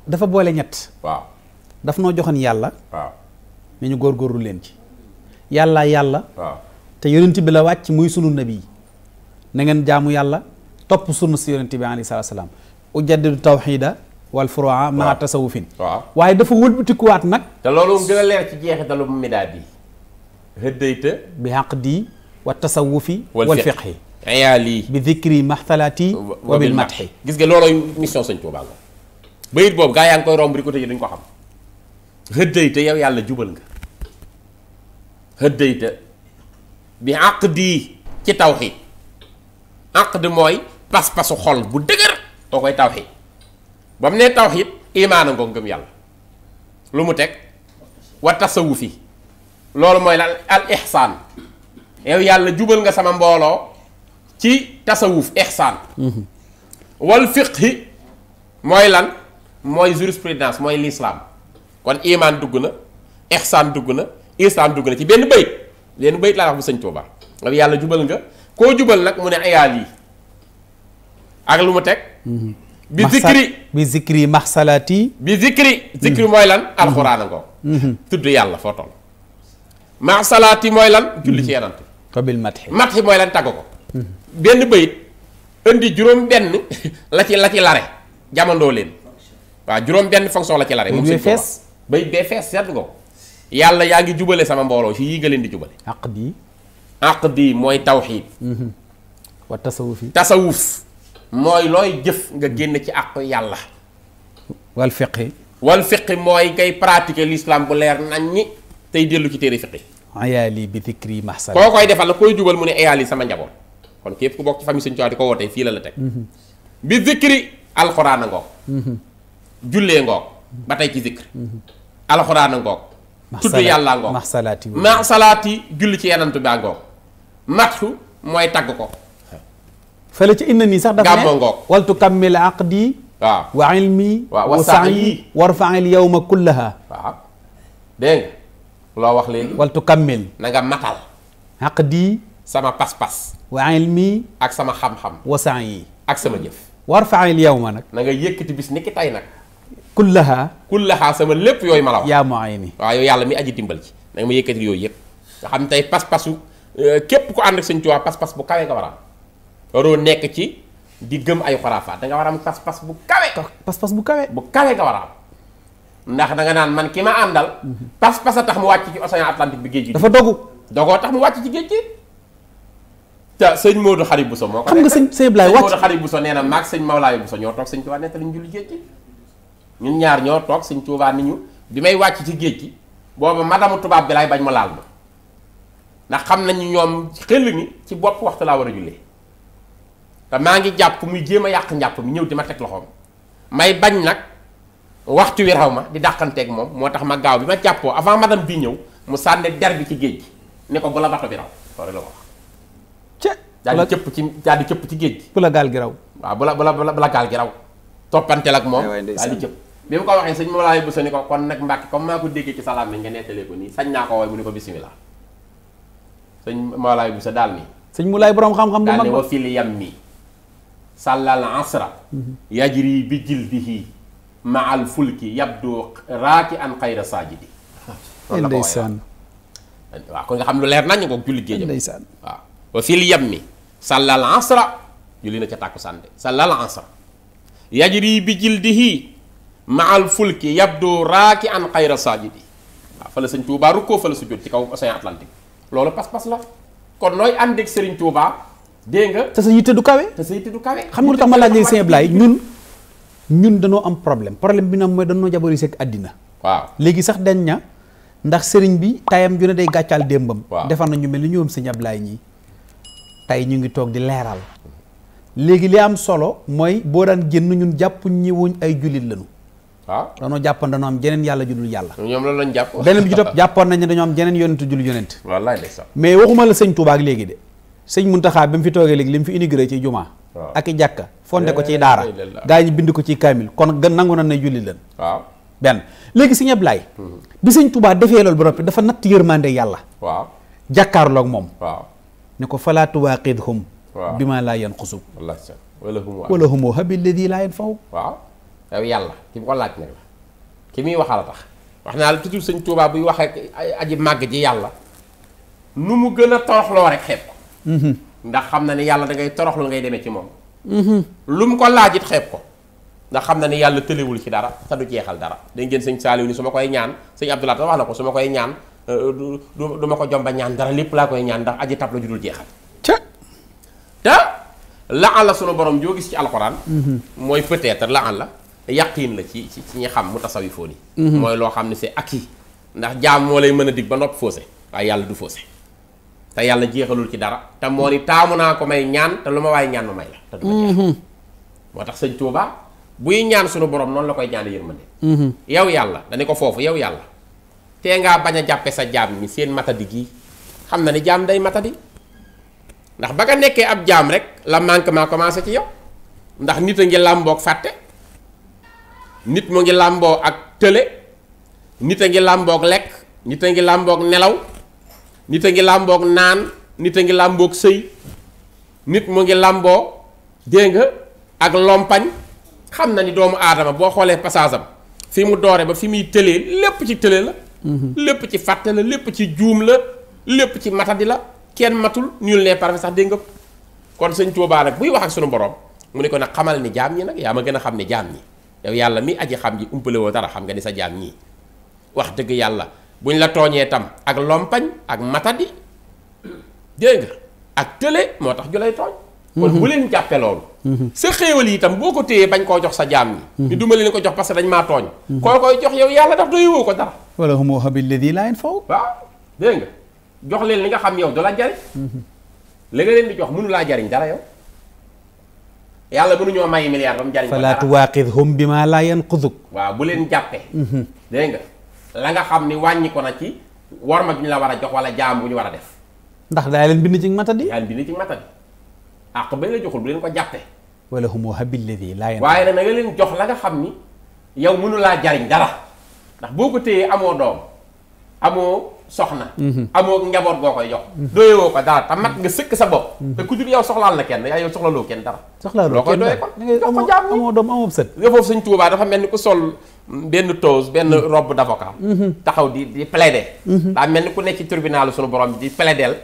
dafa boole ñett waaw daf noo joxoon yàlla waaw ne ñu góorgóorlu leen ci yàlla yàlla waaw te yonent bi la wàcc muy sunu nabi na ngeen jaamu yàlla topp sunna si yonent bi alayhi salaam ujaddidu tawxiida wal furu'a maa tasawufin waaw waaye dafa wëlbatikuwaat nag te loolu gën a leer ci jeexitalu midaa bi hëddayta bi aqdi wa tasawufi wal fiqhi ayaali bi dikri maxtalaati wa gis nga loolooy mission sëñ Tuubaa la bayit boobu gaa yaa ngi koy romb di ko tëjee duñ ko xam hëddayta yow yàlla jubal nga hëddayta bi aqdi ci tawxiid aqd mooy pas-pasu xol bu dëgër koo koy tawxiid ba mu nee tawxiid imaana ngoo ngëm yàlla lu mu teg wa tasawufi loolu mooy lan al ihsaan yow yàlla jubal nga sama mbooloo ci tasawuf ihsaan mhm. wal fiqhi mooy lan mooy jurisprudence mooy lislaam kon imaan dugg na ihsaan dugg na islam dugg na ci benn bayit leen bayit laa wax bu sëñ Tuuba yow yàlla jubal nga koo jubal nag mu ne ayaal yi ak lu mu teg mhm. bi zikri bi zikri maxsalaati bi zikri zikri mhm. mooy lan mhm. alxuraan ko tudd yàlla foo toll maxsalaati mooy lan julli ci yenant qabil matxi matxi mooy lan tagg ko benn bayit indi juróom benn la ci lare jamandoo leen waaw juróom benn fonction la ci lare moom fees bayit bee fees seetlu nga ko yàlla yaa ngi jubale sama mbooloo si yii nga leen di jubale aqdi aqdi mooy tawxiid wa tasawuf tasawuf mooy looy jëf nga génn ci àqu yàlla wal fiqi wal fiqi mooy ngay pratiquer l'islam bu leer nañ ñi tey dellu ci téere fiqi ayaali bi dikri mahsal koo koy defal la koy jubal mu ne ayaali sama njaboot kon képp ku bokk ci famille Sëñ Tuubaa di ko wootee fii la la teg mhm. bi zikri alxuraan a ngoog mhm. jullee ngoog ba tey ci zikri mhm. alxuraan a ngoog tudd yàlla ngoog maxsalaati maxsalaati julli ci yenantu baa ngoog matxu mooy tagg ko fële ca inna nii sax dafa ne waltu kammil aqdi waaw wa ilmi wa saayi warfail yowma kullaha waaw dégg nga loo wax léegi waltu kammil na nga matal aqdi sama pas-pas wa ak sama xam-xam wa saayi ak sama jëf warfail yowma nag na nga yëkkati bis ni ki tey nag kullaha kullaha sama lépp yooyu ma la wax yaa muayini waaw yow yàlla mi aji dimbal ci na nga ma yëkkati yooyu yëpp nga xam tey pas-pasu euh, képp ku ànd ak Sëñ Tuubaa pas-pas bu kawee nga waral waroo nekk ci di gëm ay xuraafaat da nga war am pas-pas bu kawe. pas-pas bu kawe. bu kawe nga war a am ndax da nga naan man ki ma àndal. pas-pas a tax mu wàcc ci océan Atlantique bi géej gi. dafa dogu dogoo tax mu wàcc ci géej gi. te sëñ Modou Xari Bousso moo ko. xam nga sëñ sëñ Ablaye wàcc sëñ Modou Xari nee na maag sëñ Mawlaay Bousso ñoo toog sëñ ne nettali ñu julli géej gi ñun ñaar ñoo toog sëñ Tuubaa ni ñu bi may wàcc ci géej gi booba madamu tubaab bi laay bañ ma laal ma ndax xam nañu ñoom xel ni ci bopp waxtu laa war a jullee te maa ngi jàpp muy jéem a yàq njàpp mi ñëw di ma teg loxoom may bañ nag waxtu wi raw ma di dàqanteeg moom moo tax ma gaaw bi ma jàppoo avant madame bi ñëw mu sànni der bi ci géej gi ne ko bu la bato bi raw loolu la ci daal cëpp ci géej gi. bu la gaal gi raw. waaw bu la bu la bu la gaal gi raw. toppanteel ak moom daal di cëpp. bi mu ko waxee sëñ Mawlaay Bousso ni ko kon nag Mbàkke comme maa ko déggee ci salaam mi nga nettalee ko sañ naa ko woy mu ne ko bisimilah sëñ Mawlaay Bousso daal nii. sëñ Mawlaay borom xam-xam bu mag daal ne wa fil sàllal asra yajri bi jildihi ma al fulki yabdu raaki an xayra saajidi ndeysaan waaw kon nga xam lu leer nañ ko julli géej ndeysaan waaw wa fil yammi sàllal asra julli na ca tàkkusaan de sàllal asra yajri bi jildihi ma al fulki yabdu raaki an xayra saajidi waaw fa la sëñ Tuubaa rukkoo fa la sujjóot ci kaw océan Atlantique loolu pas-pas la kon nooy ànd Sëriñ Tuubaa dégg nga te sa yitte du kawe. te sa yitte du kawe. xam nga lu tax ma laajee ñun ñun danoo am problème problème bi nag mooy danoo jaborise ak àddina. waaw léegi sax dañ ña ndax sëriñ bi tayam ju ne day gàccaal démbam. waaw defar na ñu mel ni ñoom Sëñ Ablaye ñii tey ñu ngi toog di leeral. léegi li am solo mooy boo daan génn ñun jàpp ñi wuñ ay jullit lañu. waaw danoo jàppoon danoo am jeneen yàlla ju dul yàlla. ñoom loolu lañ jàpp. beneen bi ci topp jàppoon nañ ne dañoo am jeneen yonent ju yonent. mais waxuma la sëñ Touba léegi de. sëñ Muntaxa bi mu fi toogee léegi li mu fi inauguré ci jumaa ak i jàkka fonde ko ci eh, daara gaa ñi bind ko ci kaamil kon gën nangu na ne julli leen benn léegi si Ablaay hmm. bi sëñ tubaa defee loolu ba noppi dafa natt yërmande yàlla waaw jàkkaarloog moom waaw ne ko falaa tuwaaqidhum bi ma laa yan xusub wala humo habilladi laa yan faw waaw yow yàlla ki ko laaj nag la ki muy waxal a tax wax naa la toujours sëñ Tuubaa buy wax ak aji màgg ji yàlla nu mu gën a toroxloo ndax xam na ni yàlla da ngay toroxlu ngay demee ci moom mhm. lu mu ko laaj it xeeb ko ndax xam na ni yàlla tëlewul ci dara te du jeexal dara dañ ngeen sëñ Saaliw ni su ma koy ñaan sëñ Abdoulaye ta wax na ko su ma koy ñaan euh, du ma ko jomba ñaan dara lépp laa koy ñaan ndax aji tab la ju dul jeexal te la àlla sunu borom joo gis ci alxuraan mhm. mooy la être la àlla yàqiin la ci ci ñi xam mu tasawifoon yi mhm. mooy loo xam ne c'est acquis ndax jaam moo lay mën a dig ba noppi faussé yàlla du faussé te yàlla jeexalul ci dara te moo ni taamu naa ko may ñaan te lu ma waaye ñaan ma may la te mhm. moo tax sëñ Tuubaa buy ñaan suñu borom noonu la koy ñaan yërmande mhm. yow yàlla dañu ko foofu yow yàlla tee ngaa bañ a jàppe sa jaam mi seen matadi gii xam na ni jaam day matadi ndax ba nga nekkee ab jaam rek la manquement commencé ci yow ndax nit a ngi làmboog fàtte nit mu ngi làmboo ak tële nit a ngi làmboog lekk nit a ngi làmboog nelaw nit a ngi làmboog naan nit a ngi làmbook sëy nit mu ngi làmboo dégg nga ak lompañ xam na ni doomu aadama boo xoolee passage am fi mu doore ba fi muy tëlee lépp ci tële la mhm. lépp ci fàtte la lépp ci juum la lépp ci di la kenn matul nul n'est parfait sax dégg nga kon sëñ Tuubaa nag buy wax ak sunu borom mu ne ko nag xamal ni jaam ñi nag yaa ma gën a xam ne jaam ñi yow yàlla mi aji xam ji umpale woo dara xam nga ni sa jaam ñii wax dëgg yàlla buñ la tooñee tam ak lompañ ak matadi dégg nga ak tële moo tax ju lay tooñ kon mhm. bu leen jàppe loolu mhm. sa xéewal yi itam boo ko téyee bañ koo jox sa jaam ni mhm. ni duma leen ko jox parce que dañ maa tooñ koo koy jox yow yàlla daf doy woo ko dara wala humu habil ladi la yanfa'u waaw dégg nga jox leen li nga xam yow du la jariñ li leen di jox mënu laa jariñ dara yow yàlla mënuñoo may milliard ba mu jariñ ko dara fala tuwaqidhum bima la yanquduk waaw bu leen jàppe dégg la nga xam ni wàññi ko na ci war ma ñu la war a jox wala jaam bu ñu war a def. ndax daa leen bind ci matadi. daa leen bind ci matadi àq ba ñu la joxul bu leen ko jàppee. wala humo habiladi laa yéen. waaye nag na nga leen jox la nga xam ni yow mënulaa laa jariñ dara ndax boo ko téyee amoo doom amoo soxna amoo njaboot goo koy jox doyewoo ko dara te mat nga sëkk sa bopp te ku jur yow soxlaal na kenn yaa yow kenn dara soxlaaloo kenn dara loo koy doye kon jaam dafa mel ni ku sol benn toos benn mm-hmm. robe d'avocat mm-hmm. taxaw di di plaider mm-hmm. daa mel ni ku nekk ci tribunal suñu borom bi di plaidel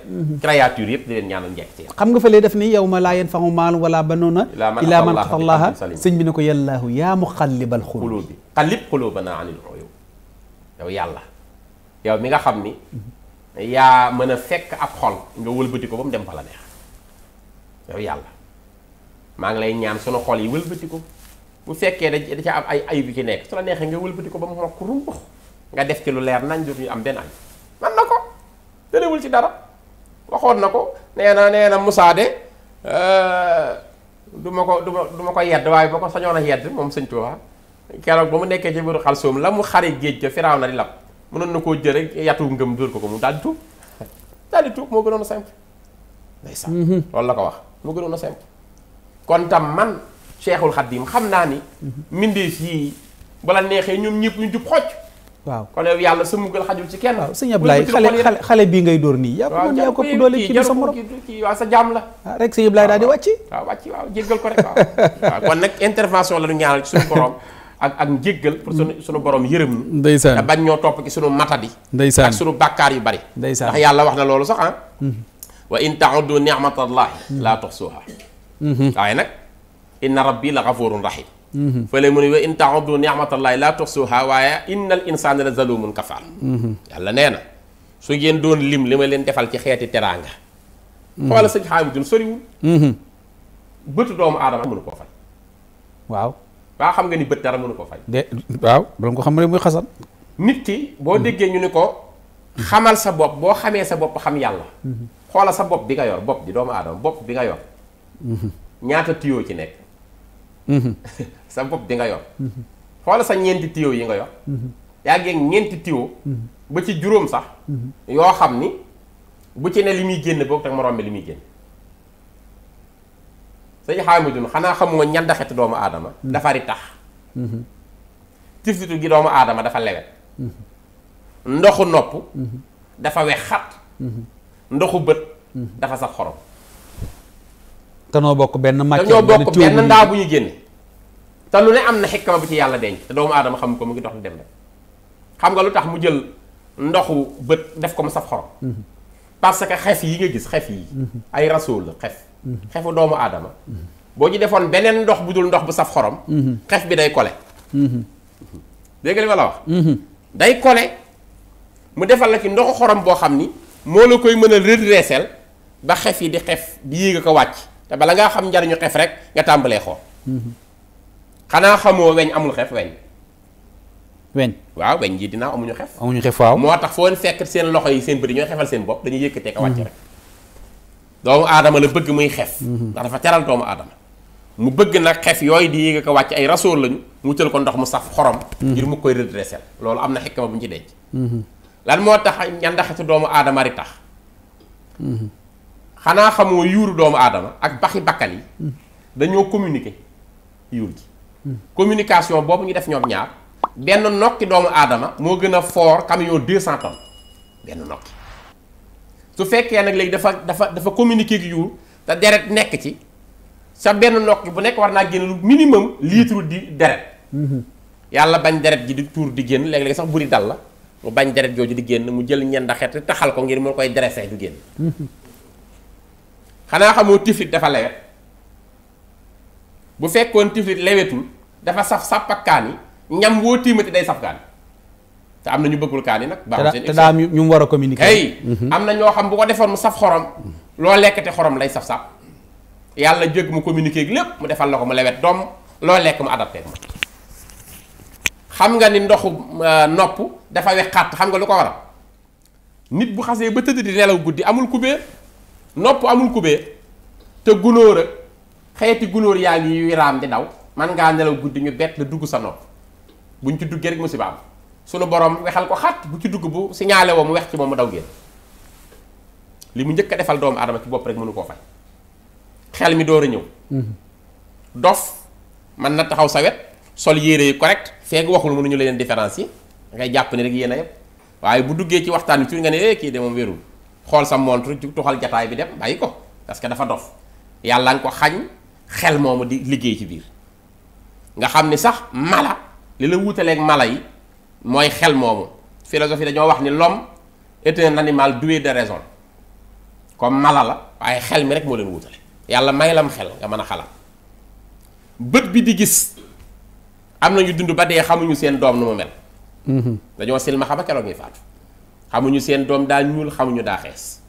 créature yëpp di leen ñaanal njekk ci xam nga fa lee def ni yow ma laa yeen famu maal wala banoona ilaa man xatallaha sëñ bi ne ko yallaahu yaa mu xallibal xuluub bi xallib xuluubanaa anil uyuub yow yàlla yow mi nga xam ni yaa mën a fekk ab xol nga wëlbati ko ba mu dem fa la neex yow yàlla maa ngi lay ñaan sunu xol yi wëlbati ko bu fekkee da ci am ay ayib yu ci nekk su la neexee nga wëlbati ko ba mu mokk rumbux nga def ci lu leer nañ dootuñu am benn ay man na ko tëlewul ci dara waxoon na ko nee na nee na musaade de euh, du ma ko du ma du ma ko yedd waaye ba ko sañoon a yedd moom sëñ Tuubaa keroog ba mu nekkee ci biiru Xalsoom la mu xari géej ca Firaaw na di lab mënoon na koo jël rek yatu ngëm dóor ko ko mu daal di tuub daal di tuub moo gënoon a simple. ndeysaan mhm. loolu la ko wax moo gënoon a simple. kon tam man Cheikhul mu xam naa ni. Mhm. mbindeef yii la neexee ñoom ñëpp ñu jub xocc. waaw kon yàlla sa muggal xajul ci kenn. waaw sëñ Ablaye xale xale bii ngay dóor nii. ko mën sa morom waaw sa jaam la. Ah, rek sëñ Ablaye wàcc. waaw wàcc waaw ko kon nag intervention la ñu ñaanal ci suñu borom. ak ak njéggal pour sunu sunu borom yërëm ñu ndeysaan te bañ ñoo topp ci sunu matadi ndeysaan ak sunu bàkkaar yu bari ndeysaan ndax yàlla wax na loolu sax ah mhm. wa in tauddu nicmatallahi laa tuxsuha mhm. waaye nag na rabbi la gafurun rahim mhm. fële mu ne wa in tauddu nicmatallahi laa tuxsuha waaye inna al insana la zalumun kafar yàlla nee na su ngeen doon lim li ma leen defal ci xeeti teraanga xoola sëñ xaamidun soriwul bëtu doomu aadama mënu koo fay waa xam nga ni bët dara mënu ko faj de waaw bala nga ko xam ne muy xasan. nit ki boo déggee ñu ni ko xamal sa bopp boo xamee sa bopp xam yàlla. xoola sa bopp bi nga yor bopp di doomu aadama bopp bi nga yor. ñaata tuyoo ci nekk. sa bopp bi nga yor. xoola sa ñeenti tuyoo yi nga yor. yaa ngi ñeenti tuyoo. ba ci juróom sax. yoo xam ni bu ci ne li muy génn boog teg moroom mi li muy génn. sëñ Hamidou xanaa xamu xamoo ñandaxetu doomu aadama mm-hmm. dafa ritax mm-hmm. tiflitu gi doomu aadama dafa lewet mm-hmm. ndoxu nopp dafa wex xat ndoxu bët dafa sax xorom te ñoo bokk benn màcc ñoo bokk benn ndaa bu ñu génne te lu ne am na xikma bi ci yàlla denc te doomu aadama xam ko mu ngi dox di dem rek xam nga lu tax mu jël ndoxu bët def ko mu saf xorom parce que xef yi nga gis xef yi ay rasul xef xefu doomu aadama boo ci defoon beneen ndox bu dul ndox bu saf xorom xef bi day kole dégg li wax day kole mu defal la ci ndoxu xorom boo xam ni moo la koy mën a redresser ba xef yi di xef di yéeg a ko wàcc te bala ngaa xam njariñu xef rek nga tàmbalee xool xanaa xamoo weñ amul xef weñ weñ waaw weñ ji dinaa amuñu xef amuñu xef waaw moo tax foo fekk seen loxo yi seen bëri ñooy xefal seen bopp dañuy yëkkatee ko wàcc rek doomu aadama la bëgg muy xef ndax dafa teral doomu aadama mu bëgg nag xef yooyu di yéeg ko wàcc ay rasool lañu mu wutal ko ndox mu saf xorom ngir mu koy redressel loolu am na xikma bu ñu ci denc lan moo tax ñandaxetu doomu aadama tax xanaa xamoo yuuru doomu aadama ak baxi bakkal dañoo communiquer yuur boobu ñu def ñoom ñaar benn nokki doomu aadama moo gën a foor camion deux cent tonnes benn nokki su fekkee nag léegi dafa dafa dafa communiquer ak yuur te deret nekk ci sa benn nokk bu nekk war naa génn lu minimum litre di deret mhm. yàlla bañ deret ji di tuur di génn léeg-léeg sax buri dal la mu bañ deret jooju di génn mu jël ñen xet taxal ko ngir mu koy dressé du génn mhm. xanaa xamoo tiflit dafa lewet bu fekkoon tiflit lewetul dafa saf sàppakaani ñam woo tiimati day safkaani te am na ñu bëggul kaani nag. baaxul seen ñu mu war a communiquer. ay mhm. am na ñoo xam bu ko defoon mu saf xorom. loo lekkate xorom lay saf saf yàlla jóg mu communiquer ak lépp mu defal la ko mu lewet doom loo lekk mu adapté ko xam nga ni ndoxu euh, nopp dafa xam nga lu ko waral nit bu xasee ba tëdd guddi amul kubéer nopp amul kubéer te gunóor ak xeeti gunóor yaa ngi wiraam di daw man ngaa nelaw guddi ñu bett dugg sa nopp buñ ci duggee rek musiba am sunu borom wexal ko xat bu ci dugg bu signalé woo mu wex ci moom mu daw génn li mu njëkk a defal doomu aadama ci bopp rek munu koo fay xel mi door a ñëw. Mhm. dof man na taxaw sa wet sol yére yi correct feeg waxul mënuñu leen différence yi ngay jàpp ne rek yéen a yëpp waaye bu duggee ci waxtaan wi ci nga ne eh, kii de moom wérul xool sa montre tuxal jataay bi dem bàyyi ko parce que dafa dof yàlla nga ko xañ xel moomu di liggéey ci biir nga xam ni sax mala li la wutaleeg mala yi. mooy xel moomu philosophie dañoo wax ni lom est un animal doué de raison comme mala la waaye xel mi rek moo leen wutale yàlla may lam xel nga mën a xalaat bët bi di gis am na ñu dund ba dee xamuñu seen doom nu mu mel. Mhm. dañoo silmaxa ba keroog ñuy faatu xamuñu seen doom daa ñuul xamuñu daa xees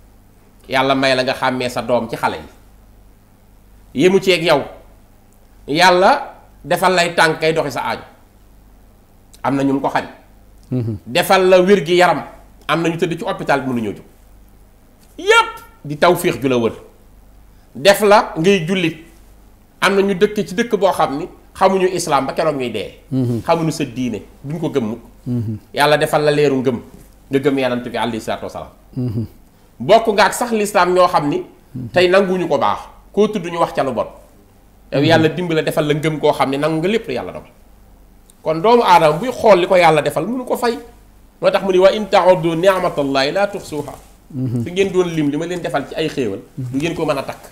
yàlla may la nga xàmmee sa doom ci xale yi yému ceeg yow yàlla defal lay tànk kay doxi sa aaju am na ñu ko xañ. defal la wér gi yaram am na ñu tëdd ci hôpital bi mënuñoo jóg yépp di taw féex ju la wër def la ngay jullit am na ñu dëkk ci dëkk boo xam ni xamuñu islaam ba keroog ngay dee. Mhm. xamuñu sa diine duñ ko gëm mhm. yàlla defal la leeru ngëm nga gëm yonent bi alayhi salaatu wasalaam mhm. bokk sax lislaam ñoo xam ni tey nanguwuñu ko baax koo tudd ñu wax ca lu bon yow yàlla dimbali defal la ngëm koo xam ne nangu nga lépp lu yàlla dogal kon doomu aadama buy xool li ko yàlla defal mënu ko fay moo tax mu ni wa in taoddu niamatallahi laa tuxsuha mhm. su ngeen doon lim li ma leen defal ci ay xéewal mhm. du ngeen ko mën a takk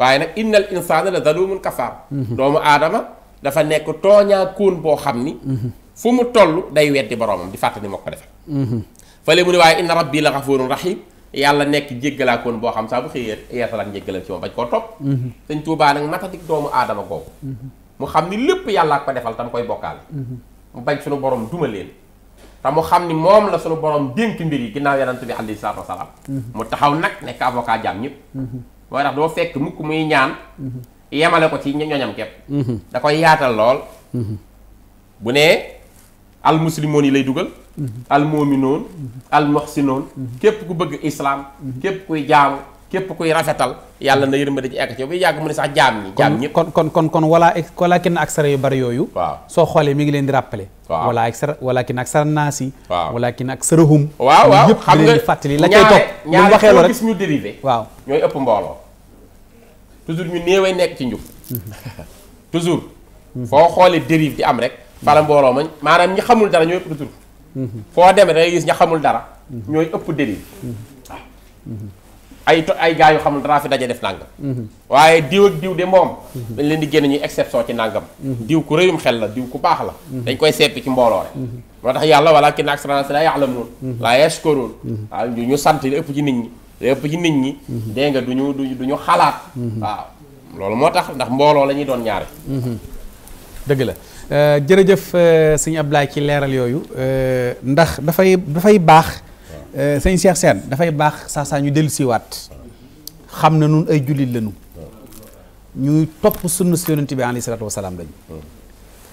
waaye nag innal insana la zalumun kafaar mhm. doomu aadama dafa nekk tooñaa kóon boo xam ni fu mu toll day weddi boroomam di fàttali moo ko defal fële mu ne waaye inna rabbi la xafurun rahim yàlla nekk jéggalaakoon boo xam saa bu xëyee yeesalaat njéggalam ci moom bañ koo topp sëñ Tuubaa nag matadik doomu aadama googu mu xam ni lépp yàllaa ko defal te mu koy bokkaale mu bañ suñu borom duma leen te mu xam ni moom la suñu borom dénk mbir yi ginnaaw yonent bi alayhi salaatu wasalaam mu taxaw nag nekk avocat jaam ñëpp moo tax doo fekk mukk muy ñaan yemale ko ci ñoñam képp da koy yaatal lool bu nee almuslimoon yi lay dugal almoominoon almoxsinoon képp ku bëgg islaam képp kuy jaamu képp kuy rafetal yàlla na de ci ekk ci bu yàgg mu ni sax jaam ñi jaam ñëpp kon kon kon kon wala wala kenn ak sara yu bari yooyu waaw soo xoolee mi ngi leen di rappelé waaw wala ak sara wala kin ak sara naas yi waaw wala kin ak sarahum waaw waaw yëpp fàttali la cay topp ñaare waxee rek gis ñu dérivé waaw ñooy ëpp mbooloo toujours ñu nekk ci njub toujours foo xoolee dérive di am rek fala mbooloo ma maanaam ñi xamul dara ñooy ëpp toujours mhm. foo demee da gis ña xamul dara mhm. ñooy ëpp dérive mhm. Ah. ay to ay gars yu xamul danaa fi daje def nangam. waaye diw ak diw de moom. dañ leen di génn ñuy exception ci nangam. diw ku rëyum xel la diw ku baax la. dañ koy seppi ci mbooloo rek. moo tax yàlla walaakinna aksara laa ya'lamuun. laa yashkuruun. waaw ñu sant li ëpp ci nit ñi. li ëpp ci nit ñi. dégg nga du ñu du ñu xalaat. waaw loolu moo tax ndax mbooloo la ñuy doon ñaari. dëgg la euh, jërëjëf euh, sëñ Ablaye ci leeral yooyu euh, ndax dafay dafay baax. Euh, sëñ Cheikh Sène dafay baax saa saa ñu dellusiwaat xam na nun ay jullit lañu ñuy topp sunna si yonent bi alayhi salaatu wasalaam lañu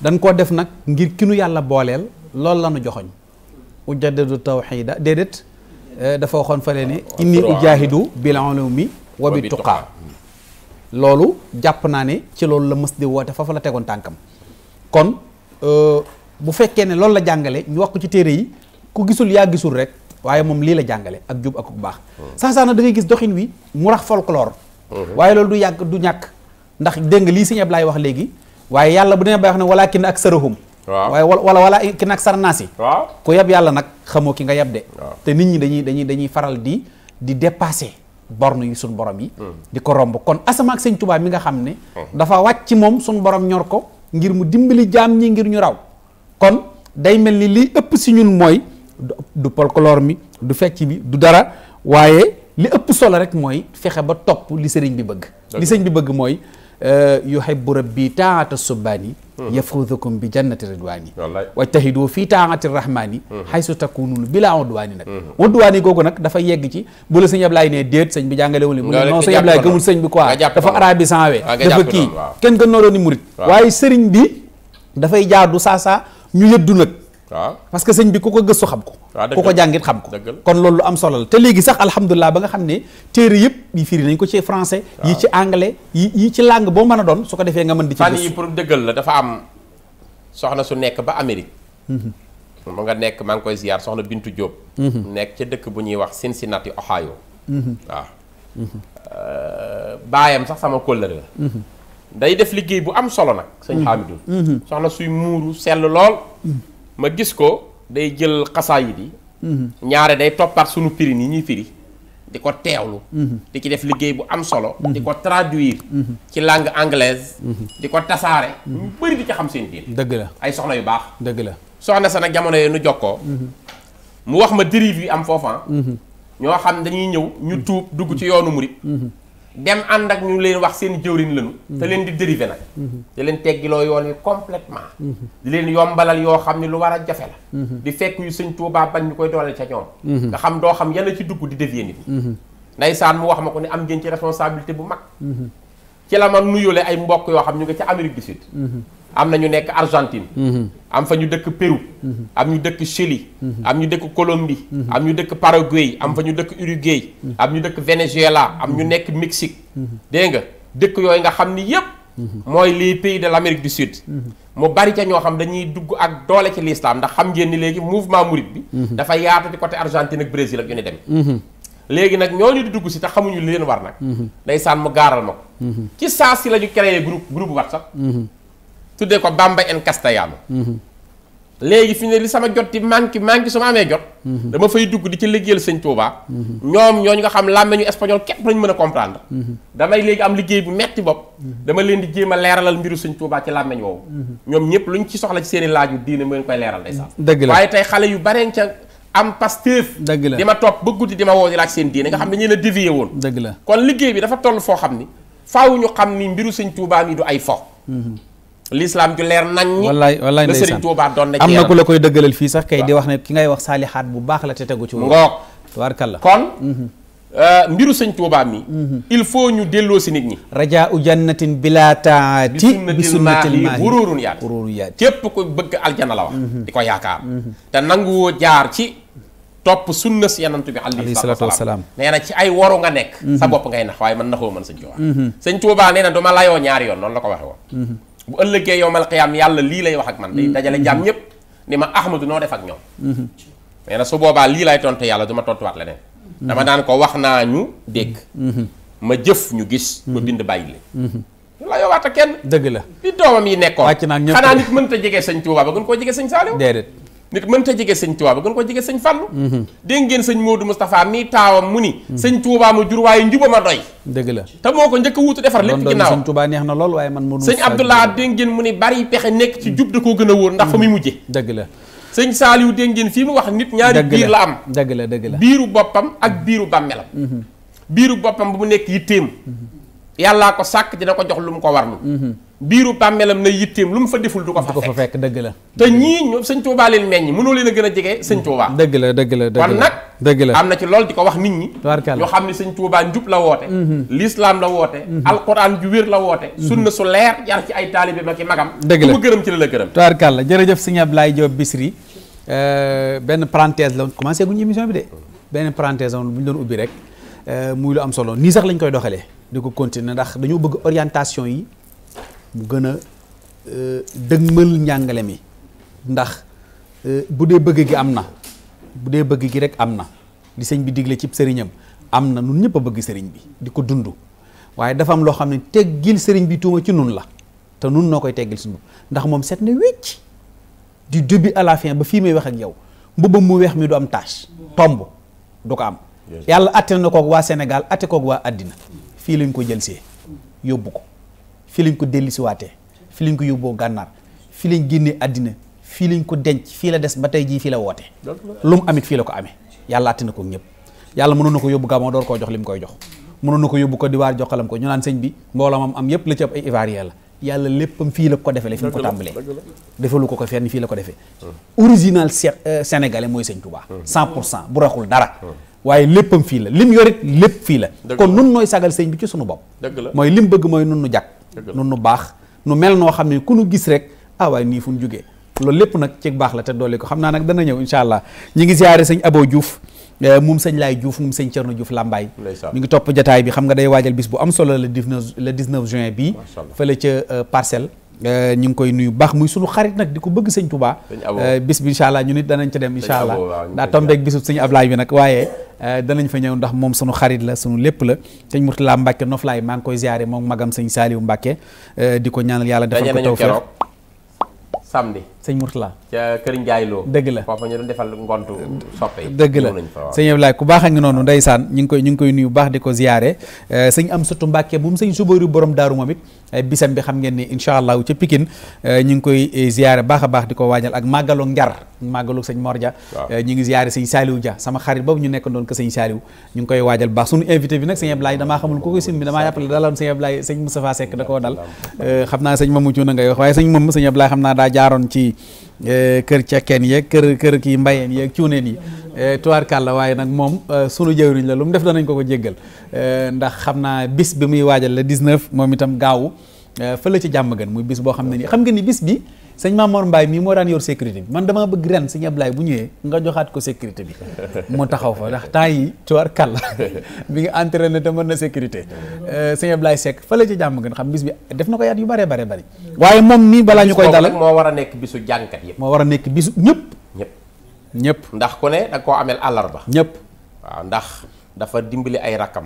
dañ koo def nag ngir ki nu yàlla booleel loolu la nu joxoñ ujaadidu tawxiida déedéet euh, dafa waxoon fale ne inni ujaahidu bil ulumi wa bi tuqaa loolu jàpp naa ne ci loolu la mës di woote foofu la tegoon tànkam kon euh, bu fekkee ne loolu la jàngale ñu wax ko ci téere yi ku gisul yaa gisul rek waaye moom lii la jàngale ak jub ak bu baax sax saa na da gis doxin wi mu rax folklore waaye loolu du yàgg du ñàkk ndax dégg nga lii sëñ Ablaye wax léegi waaye yàlla bu demee bay wax ne walaa kin ak sarahum waaye wala wala kin ak sarnaasi waaw ku yab yàlla nag xamoo ki nga yab de te nit ñi dañuy dañuy dañuy faral di di dépasser borne yu suñ borom yi hmm. di ko romb kon ak sëñ Tuubaa mi nga xam ne hmm. dafa wàcc moom suñ borom ñor ko ngir mu dimbali jaam ñi ngir ñu raw kon day mel ni liy ëpp si ñun mooy du folklore mi du fecc bi du dara waaye li ëpp solo rek mooy fexe ba topp li sëriñ bi bëgg li sëriñ bi bëgg mooy euh, yuhibbu rabbi taata subbaani hmm. yafrudukum bi jannati ridwaani wajtahidu fii taati rahmaani hmm. haysu takunul bila udwaani nag hmm. udwaani googu nag dafa yegg ci bu la sëñ Ablaay ne déet sëñ bi jàngalewul mu ne non sëñ Ablaay gëmul sëñ bi quoi dafa arabisant we ah, dafa kii kenn gën noo doon ni murit waaye sëriñ bi dafay jaadu saa saa ñu waaw parce que sëñ bi ku ko gëstu xam ko ku ko jàngit xam ko kon loolu lu am solo la te léegi sax alhamdulilah ba nga xam ne téere yëpp yi firi nañ ko ci français yi ci anglais yi yi ci langue boo mën a doon su ko defee nga mën di ci fan yi pour dëggal la dafa am soxna su nekk ba Amérique mu mhm. nga nekk maa ngi koy ziar soxna Bintu Diop mhm. nekk ca dëkk bu ñuy wax Cincinnati Ohio mhm. waaw euh, baayam sax sama kóllëre la day def liggéey bu am solo nag sëñ Hamidou soxna suy muuru sell lool ma gis ko day jël xasaayid yi mhm. ñaare day toppaat suñu pirin yi ñuy firi di ko teewlu mhm. di ci def liggéey bu am solo mhm. di ko traduire ci langue anglaise di ko tasaare ñu bëri di ci xam seen diin dëgg la ay soxna yu baax dëgg la soxna sa nag jamono yooyu nu jokkoo mu wax ma dérive yi am foofa ñoo xam dañuy ñëw ñu tuub dugg ci yoonu murit dem ànd ak ñu leen wax seen jëwriñ lañu te leen di dérivé nag mhm. di leen teggiloo yoon yi complètement mhm. di leen yombalal yoo xam ne lu war a jafe la mhm. di fekk yu sëñ Tuubaa bañ ñu koy dooleel ca ñoom nga xam doo xam yana ci dugg di dévier nit ñi saan mu wax ma ko ne am ngeen ci responsabilité bu mag ci la ma nuyoolee ay mbokk yoo xam ñu nga ca Amérique du Sud am na ñu nekk Argentine. Mhm. am fa ñu dëkk Pérou. Mhm. am ñu dëkk Chili. Mhm. am ñu dëkk Colombie. am ñu dëkk Paraguay am fa ñu dëkk Uruguay. am ñu dëkk Venezuela am ñu nekk Mexique. dégg nga dëkk yooyu nga xam ni yépp mooy les pays de l'Amérique du Sud. mu bari ca ñoo xam dañuy dugg ak doole ci l'islam ndax xam ngeen ni léegi mouvement mouride bi. dafa yaatu ci côté Argentine ak Brésil ak yu ni dem léegi nag ñooñu di dugg si te xamuñu li leen war nag. ndeysaan mu gaaral ma ko. ci saa si la ñu créé groupe groupe WhatsApp. tuddee ko Bamba en Castellano mhm. léegi fi ne li sama jot di manqué manqué su ma amee jot mhm. dama fay dugg di ci liggéeyal sëñ tuubaa mhm. ñoom ñooñu nga xam làmmeñu espagnol képp lañ mën a comprendre damay léegi am liggéey bu metti bopp dama leen di jéem a leeralal mbiru sëñ tuubaa ci làmmeñ woowu ñoom ñëpp luñ ci soxla ci seen i laaju diine mu leen koy leeral day sax dëgg la waaye tey xale yu bareen ca am Pastef dëgg la di ma topp ba guddi di ma woo di seen diine nga xam ne ñeen woon dëgg la kon bi dafa toll foo xam ni faaw ñu xam ni mbiru sëñ Touba mi du ay fo lislaam ju leer nañ ñi la wallaay ndeysaan Serigne doon na ci am na ku la koy dëggalal fii sax kay di wax ne ki ngay wax saalixaat bu baax la te tegu ci ngoog tubaarkalla kon mhm. euh, mbiru sëñ Touba mi mhm. il faut ñu delloo si nit ñi rajaa u jannatin bila taati bi sunnatil maahi bi yaat wururun yaat képp ku bëgg aljana la mhm. di ko yaakaar te nanguwoo jaar ci topp sunna si yanantu bi alayhi salaatu wasalaam nee na ci ay waru nga nekk sa bopp ngay nax waaye man naxoo man sëñ Touba sëñ Touba nee na layoo ñaari yoon noonu la ko waxe bu ëllëgee yowmal qiyaam yàlla lii lay wax ak man day mm-hmm. dajale jaam ñëpp ni ma ahmadu noo def ak ñoom nee mm-hmm. na su boobaa lii lay tontu yàlla du ma tontuwaat leneen mm-hmm. dama daan ko wax naa ñu dégg ma jëf ñu gis ba bind bàyyi leen la yowaata kenn dëgg la li doomam yi nekkoon xanaa nit mënta jege sëñ Tuubaa ba gën koo jege sëñ Saaliw déedéet nit mën ta jege sëñ Tuubaa ba gën ko jege sëñ Fallu mhm. dégg ngeen sëñ Moodu Moustapha mii taawam mu ni mhm. sëñ Tuubaa ma jur waaye njuba ma doy dëgg la te moo ko njëkk a wuutu defar lépp ginnaaw sëñ Tuubaa neex na lool waaye man sëñ Abdoulaye ngeen mu ni bari pexe nekk ci mhm. jub koo gën a wóor ndax fa muy mujje dëgg la sëñ Saaliw dégg ngeen fii mu wax nit ñaari biir la am dëgg la biiru boppam ak biiru bàmmelam biiru boppam bu mu nekk yitteem yàllaa ko sàkk dina ko jox lu mu ko warlu biiru bàmmeelam na yitteem lu mu fa deful du ko fa fekk dëgg la te ñii ñoom sëñ Tuubaa leen meññ mënoo leen a gën a jege sëñ Tuubaa dëgg la dëgg la kon nag dëgg la am na ci lool di ko wax nit ñi ñu xam ne sëñ Tuubaa njub la woote mhm. lislaam la woote mhm. alquran ju wér la woote mhm. sunna su leer yar ay taalibe ma ki magam dëgg la gërëm ci la la gërëm tubaarkàlla jërëjëf sëñ Ablaye Diop Bichri euh, benn parenthèse la commencé guñu émission bi de benn parenthèse la bu ñu doon ubbi rek euh, muy lu am solo nii sax lañ koy doxalee di ko continuer ndax dañoo bëgg orientation yi mu gën a euh, dëgmal njàngale mi ndax euh, bu dee bëgg gi am na bu dee bëgg gi rek am na di sëñ bi digle ci sëriñam am na nun ñëpp a bëgg sëriñ bi di ko dund waaye dafa am loo xam ne teggil sëriñ bi tuuma ci nun la te nun noo koy teggil suñu ndax moom set na wecc du début à ba fii may wax ak yow mbubbam mu weex mi du am tache tomb du ko am yàlla atte na koog waa senegal atte koog waa àddina fii lañ ko jëlsee yóbbu ko fii lañ ko dellusiwaatee fii lañ ko yóbboo gànnaar fii lañ génnee àddina fii lañ ko denc fii la des ba tey jii fii la woote lu mu amit fii la ko amee yàlla àtti na ko ñëpp yàlla mënoon na ko yóbbu Gabon door koo jox li mu koy jox mënoon na ko yóbbu ko diwaar joxalam ko ñu naan sëñ bi mbooloo mam am yëpp la ci ab ay ivoirien la yàlla léppam fii la ko defele fi mu ko tàmbalee defalu ko ko fenn fii la ko defee original euh, sénégalais mooy sëñ Touba cent pour cent bu raxul dara waaye léppam fii la lim yorit lépp fii la kon nun nooy sagal sëñ bi ci sunu bopp mooy lim bëgg mooy nun nu jàkk nun nu baax nu mel noo xam ne ku nu gis rek ah waaye nii fu nu jógee loolu lépp nag ci baax la te doole ko xam naa nag dana ñëw incha allah ñu ngi ziare sëñ Abo Diouf eh, moom sëñ Laay Diouf moom sëñ Cerno Diouf Lambaay mi ngi topp jataay bi xam nga day waajal bis bu am solo le 19 le 19 juin bi fële ca eh, parcelle Euh, ñu ngi koy nuyu baax muy sunu xarit nag di ko bëgg sëñ Touba. Euh, bis bi incha allah ñu nit danañ ca dem incha allah daa tombeek bisu sëñ Ablaye bi nag waaye euh, danañ fa ñëw ndax moom sunu xarit la sunu lépp la sëñ Mourtala Mbacke Noflaay maa ngi koy ziare moom magam sëñ Saliou Mbacke di ko ñaanal yàlla defal ko tawfeex samedi sëñ Mourtala. ca Kër Ndiaye Lo. dëgg la foofa ñu dëgg la sëñ Ablaye ku baax a ngi noonu ndeysaan ñu ngi koy ñu ngi koy nuyu baax di ko ziyaare. Eh, sëñ am sëtu Mbàkke bu mu sëñ borom daaru moom it eh, bisam bi xam ngeen ni incha allah ca Pikine eh, ñu ngi koy ziyaare baax a baax di ko waajal ak màggalu njar màggalu sëñ Mor Dia. ñu ngi ziyaare sëñ Saliou Dia sama xarit boobu ñu nekk doon ko sëñ Saliou ñu ngi koy waajal baax suñu invité bi nag sëñ Ablaye damaa xamul ku koy sim bi damaa yàppale daloon ci ci eh, kër cekkeen yeeg kër kër kii mbayeen yeeg cuuneen yi eh, tubaarkàlla waaye nag moom eh, sunu jëwriñ la lu mu def nañ ko ko jéggal ndax xam naa bis bi muy waajal la 19 moom itam gaawu Euh, fële ci jàmm gën muy bis boo xam ne nii xam nga ni bis bi sëñ Mamor Mbaye mii moo daan yor sécurité bi man dama bëgg ren sëñ Ablaye bu ñëwee nga joxaat ko sécurité bi mu taxaw fa ndax temps yi tuwaar kàll bi nga ne te mën na sécurité euh, sëñ Ablaye sekk fële ci jàmm gën xam bis bi def na ko yaat yu bëree bare bëri waaye moom mii balaa ñu koy dalal moo war a nekk bisu jàngkat yëpp moo war a nekk bisu ñëpp ñëpp ñëpp ndax ku ne da koo ameel àllarba ñëpp ndax dafa dimbali ay rakam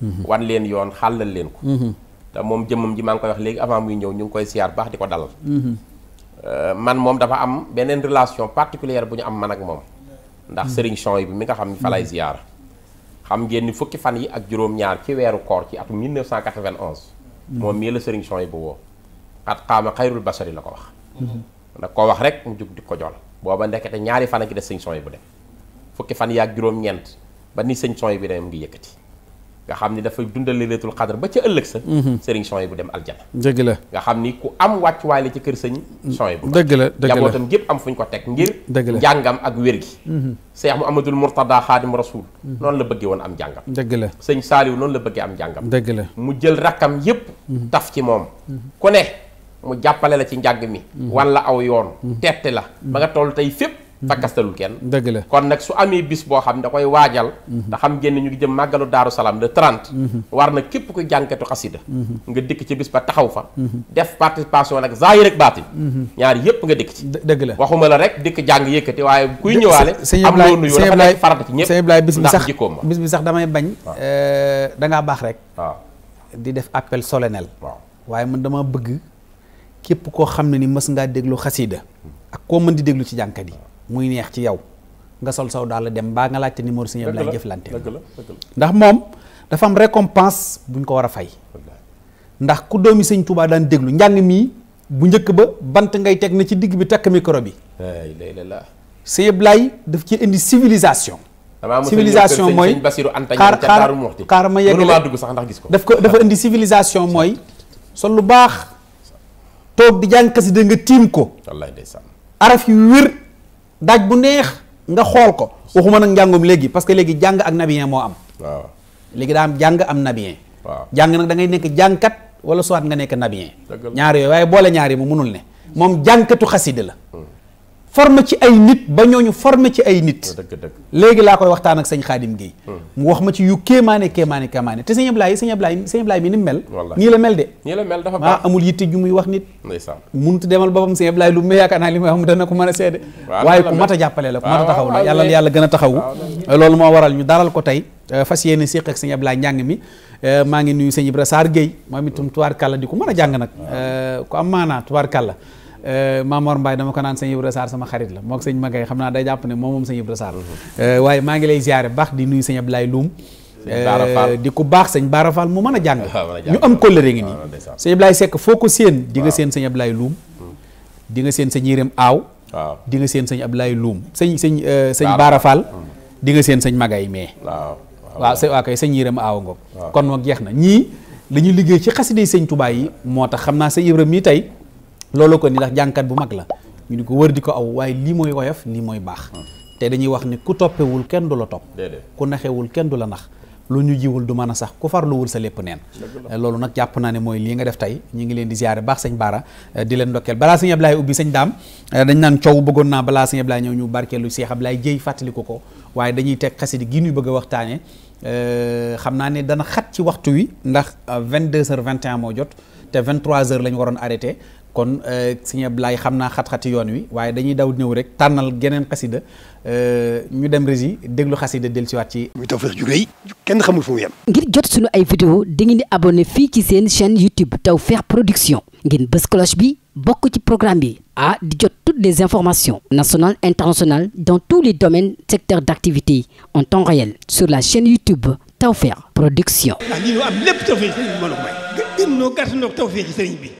mhm. wan leen yoon xàllal leen ko mhm. te moom jëmmam ji maa ngi koy wax léegi avant muy ñëw ñu ngi koy siyaar baax di ko dalal. Mm-hmm. Euh, man moom dafa am beneen relation particulière bu ñu am man ak moom. ndax mm-hmm. sëriñ son bi mi nga xam ni fa lay mm-hmm. xam ngeen fukki fan yi ak juróom-ñaar ci weeru koor ci atum 1991. moom mii la sëriñ son yi bu woo. xat xaama xayrul basari la ko wax. nag koo wax rek mu jug di ko jol booba ndekete ñaari fan ak des sëriñ son yi bu dem. fukki fan yi ak juróom ba ni sëriñ son yi bi ngi yëkkati. nga xam ni dafa dundal laylatul xadar ba ca ëllëg sa mhm. sëriñ Soy bu dem aljana dëgg la nga xam ni ku am wàccuwaay la ci kër sëñ Soy bu la dëgg la njabootam gépp am fu ñu ko teg ngir dëgg la njàngam ak wér gi Seex mhm. Muhammadul Murtada Xaadim Rasul mhm. noonu la bëggee woon am njàngam dëgg la sëñ Saaliw noonu la bëggee am njàngam dëgg la mu jël rakkam yépp taf ci moom ku ne mu jàppale la ci njàng mi wan la aw yoon tette la ba nga toll tey fépp takkastalul kenn dëgg la kon nag su amee bis boo xam ne da koy waajal ndax mhm. xam génn ñu ngi jëm màggalu daaru salaam le 30 mhm. war na képp ku jànkatu xasida mhm. nga dëkk ci bis ba taxaw fa def participation nag zaahir ak baati ñaar yëpp nga dikk ci dëgg la waxuma la rek dikk jàng yëkkati waaye kuy ñëwaale am loo nuyu dafa nekk farata ci ñëpp sëñ bis bi sax jikkoom ma bis bi sax damay bañ euh, da baax rek di def appel solennel waaw waaye mën dama bëgg képp koo xam ne ni mës ngaa déglu xasida ak koo mën di déglu ci jànkat yi muy neex ci yow nga sol saw daal dem baa nga laajte numéro Sëñ Abdoulaye jëflante ndax moom dafa am récompense bu ñu ko war a fay ndax ku doomi Sëñ Tuubaa daan déglu njàng mii bu njëkk ba bant ngay teg na ci digg bi takk micro bi Sëñ Abdoulaye daf ci indi civilisation civilisation mooy xaar xaar ma yegg daf ko dafa indi civilisation mooy sol lu baax toog di jàng xasida nga tiim ko araf yu wér daaj bu neex nga xool ko waxuma nag njàngum léegi parce que léegi jàng ak nabiyen moo am waaw léegi daa am jàng am nabiyen waaw jàng nag da ngay nekk jàngkat wala soit nga nekk nabiyen ñaar yooyu waaye boole ñaar yi mu munul ne moom jàngkatu xasida la forme ci ay nit ba ñooñu forme ci ay nit léegi laa koy waxtaan ak sañ Xaadim Guèye hmm. mu wax ma ci yu kéemaane kéemaane kéemaane te sëñ Ablaye sëñ Ablaye sëñ Ablaye mi ni mel nii la mel de nii la mel dafa ah, baax amul yitte ju muy wax nit mënut demal boppam sëñ Ablaye lu mu yaakaar naa li muy wax mu dana ko mën a seede waaye ku mat a jàppale la ku mat a taxaw yàlla gën a taxawu loolu moo waral ñu dalal ko tey eh, fas yéene séq ak sëñ Ablaye njàng mi eh, maa ngi nuyu sëñ Ibra Sarr Guèye moom itam tubaarkàlla di ko a jàng nag eh, ku am maanaa kàlla Euh, Mamor Mbaye dama ko naan sëñ Ibra Sarr sama xarit la moog sëñ Magay xam naa day jàpp ne moom moom sëñ Ibra euh, waaye maa ngi lay ziare baax di nuyu sëñ Ablaye Loum euh, di ku baax sëñ Bara Fall mu mën a jàng ñu am kóllëre ngi nii ah, foo séen di nga séen sëñ Ablaye Loum hmm. di nga séen sëñ Yérim Aaw waaw séen sëñ Ablaye Loum sëñ sëñ sëñ Bara di nga séen sëñ hmm. Magay mais waaw waaw kay sëñ Yérim Aaw ngoog kon moom jeex na ñii la ñu liggéey ci xasida yi sëñ Touba yi moo tax xam naa sëñ Yérim mii tey loolu ko ni ndax jànkat bu mag la ñu di ko wër di ko aw waaye lii mooy woyof lii mooy baax hmm. te dañuy wax ni ku toppewul kenn du la topp ku naxewul kenn du la nax lu ñu jiwul du mën a sax ku farluwul sa lépp neen eh, loolu nag jàpp naa ne mooy lii nga def tey ñu ngi leen di ziare baax sañ Baara eh, di leen ndokkeel balaa sëñ Ablaye ubbi sañ daam eh, dañ naan coow bëggoon naa balaa sëñ Ablaye ñëw ñu barkeelu Cheikh Ablaye Dieye fàttaliku ko waaye dañuy teg xasidi gi ñuy bëgg a waxtaane xam naa ne dana xat ci waxtu wi ndax 22h21 moo jot te 23h lañ waroon arrêté kon euh, Sëñ Ablaay xam naa xat-xati yoon wi waaye dañuy daw ñëw rek tànnal geneen xasida euh, ñu dem régi déglu xasida dellusiwaat ci. muy Tawfekh ju rëy kenn xamul fu mu yem. ngir jot suñu ay vidéo dangeen di abonné fii ci seen chaîne YouTube Tawfekh Production ngeen bës bi bokk ci programme bi ah di jot toutes les informations nationales internationales dans tous les domaines secteurs d'activité en temps réel sur la chaîne YouTube Tawfekh Production. Ah, am lépp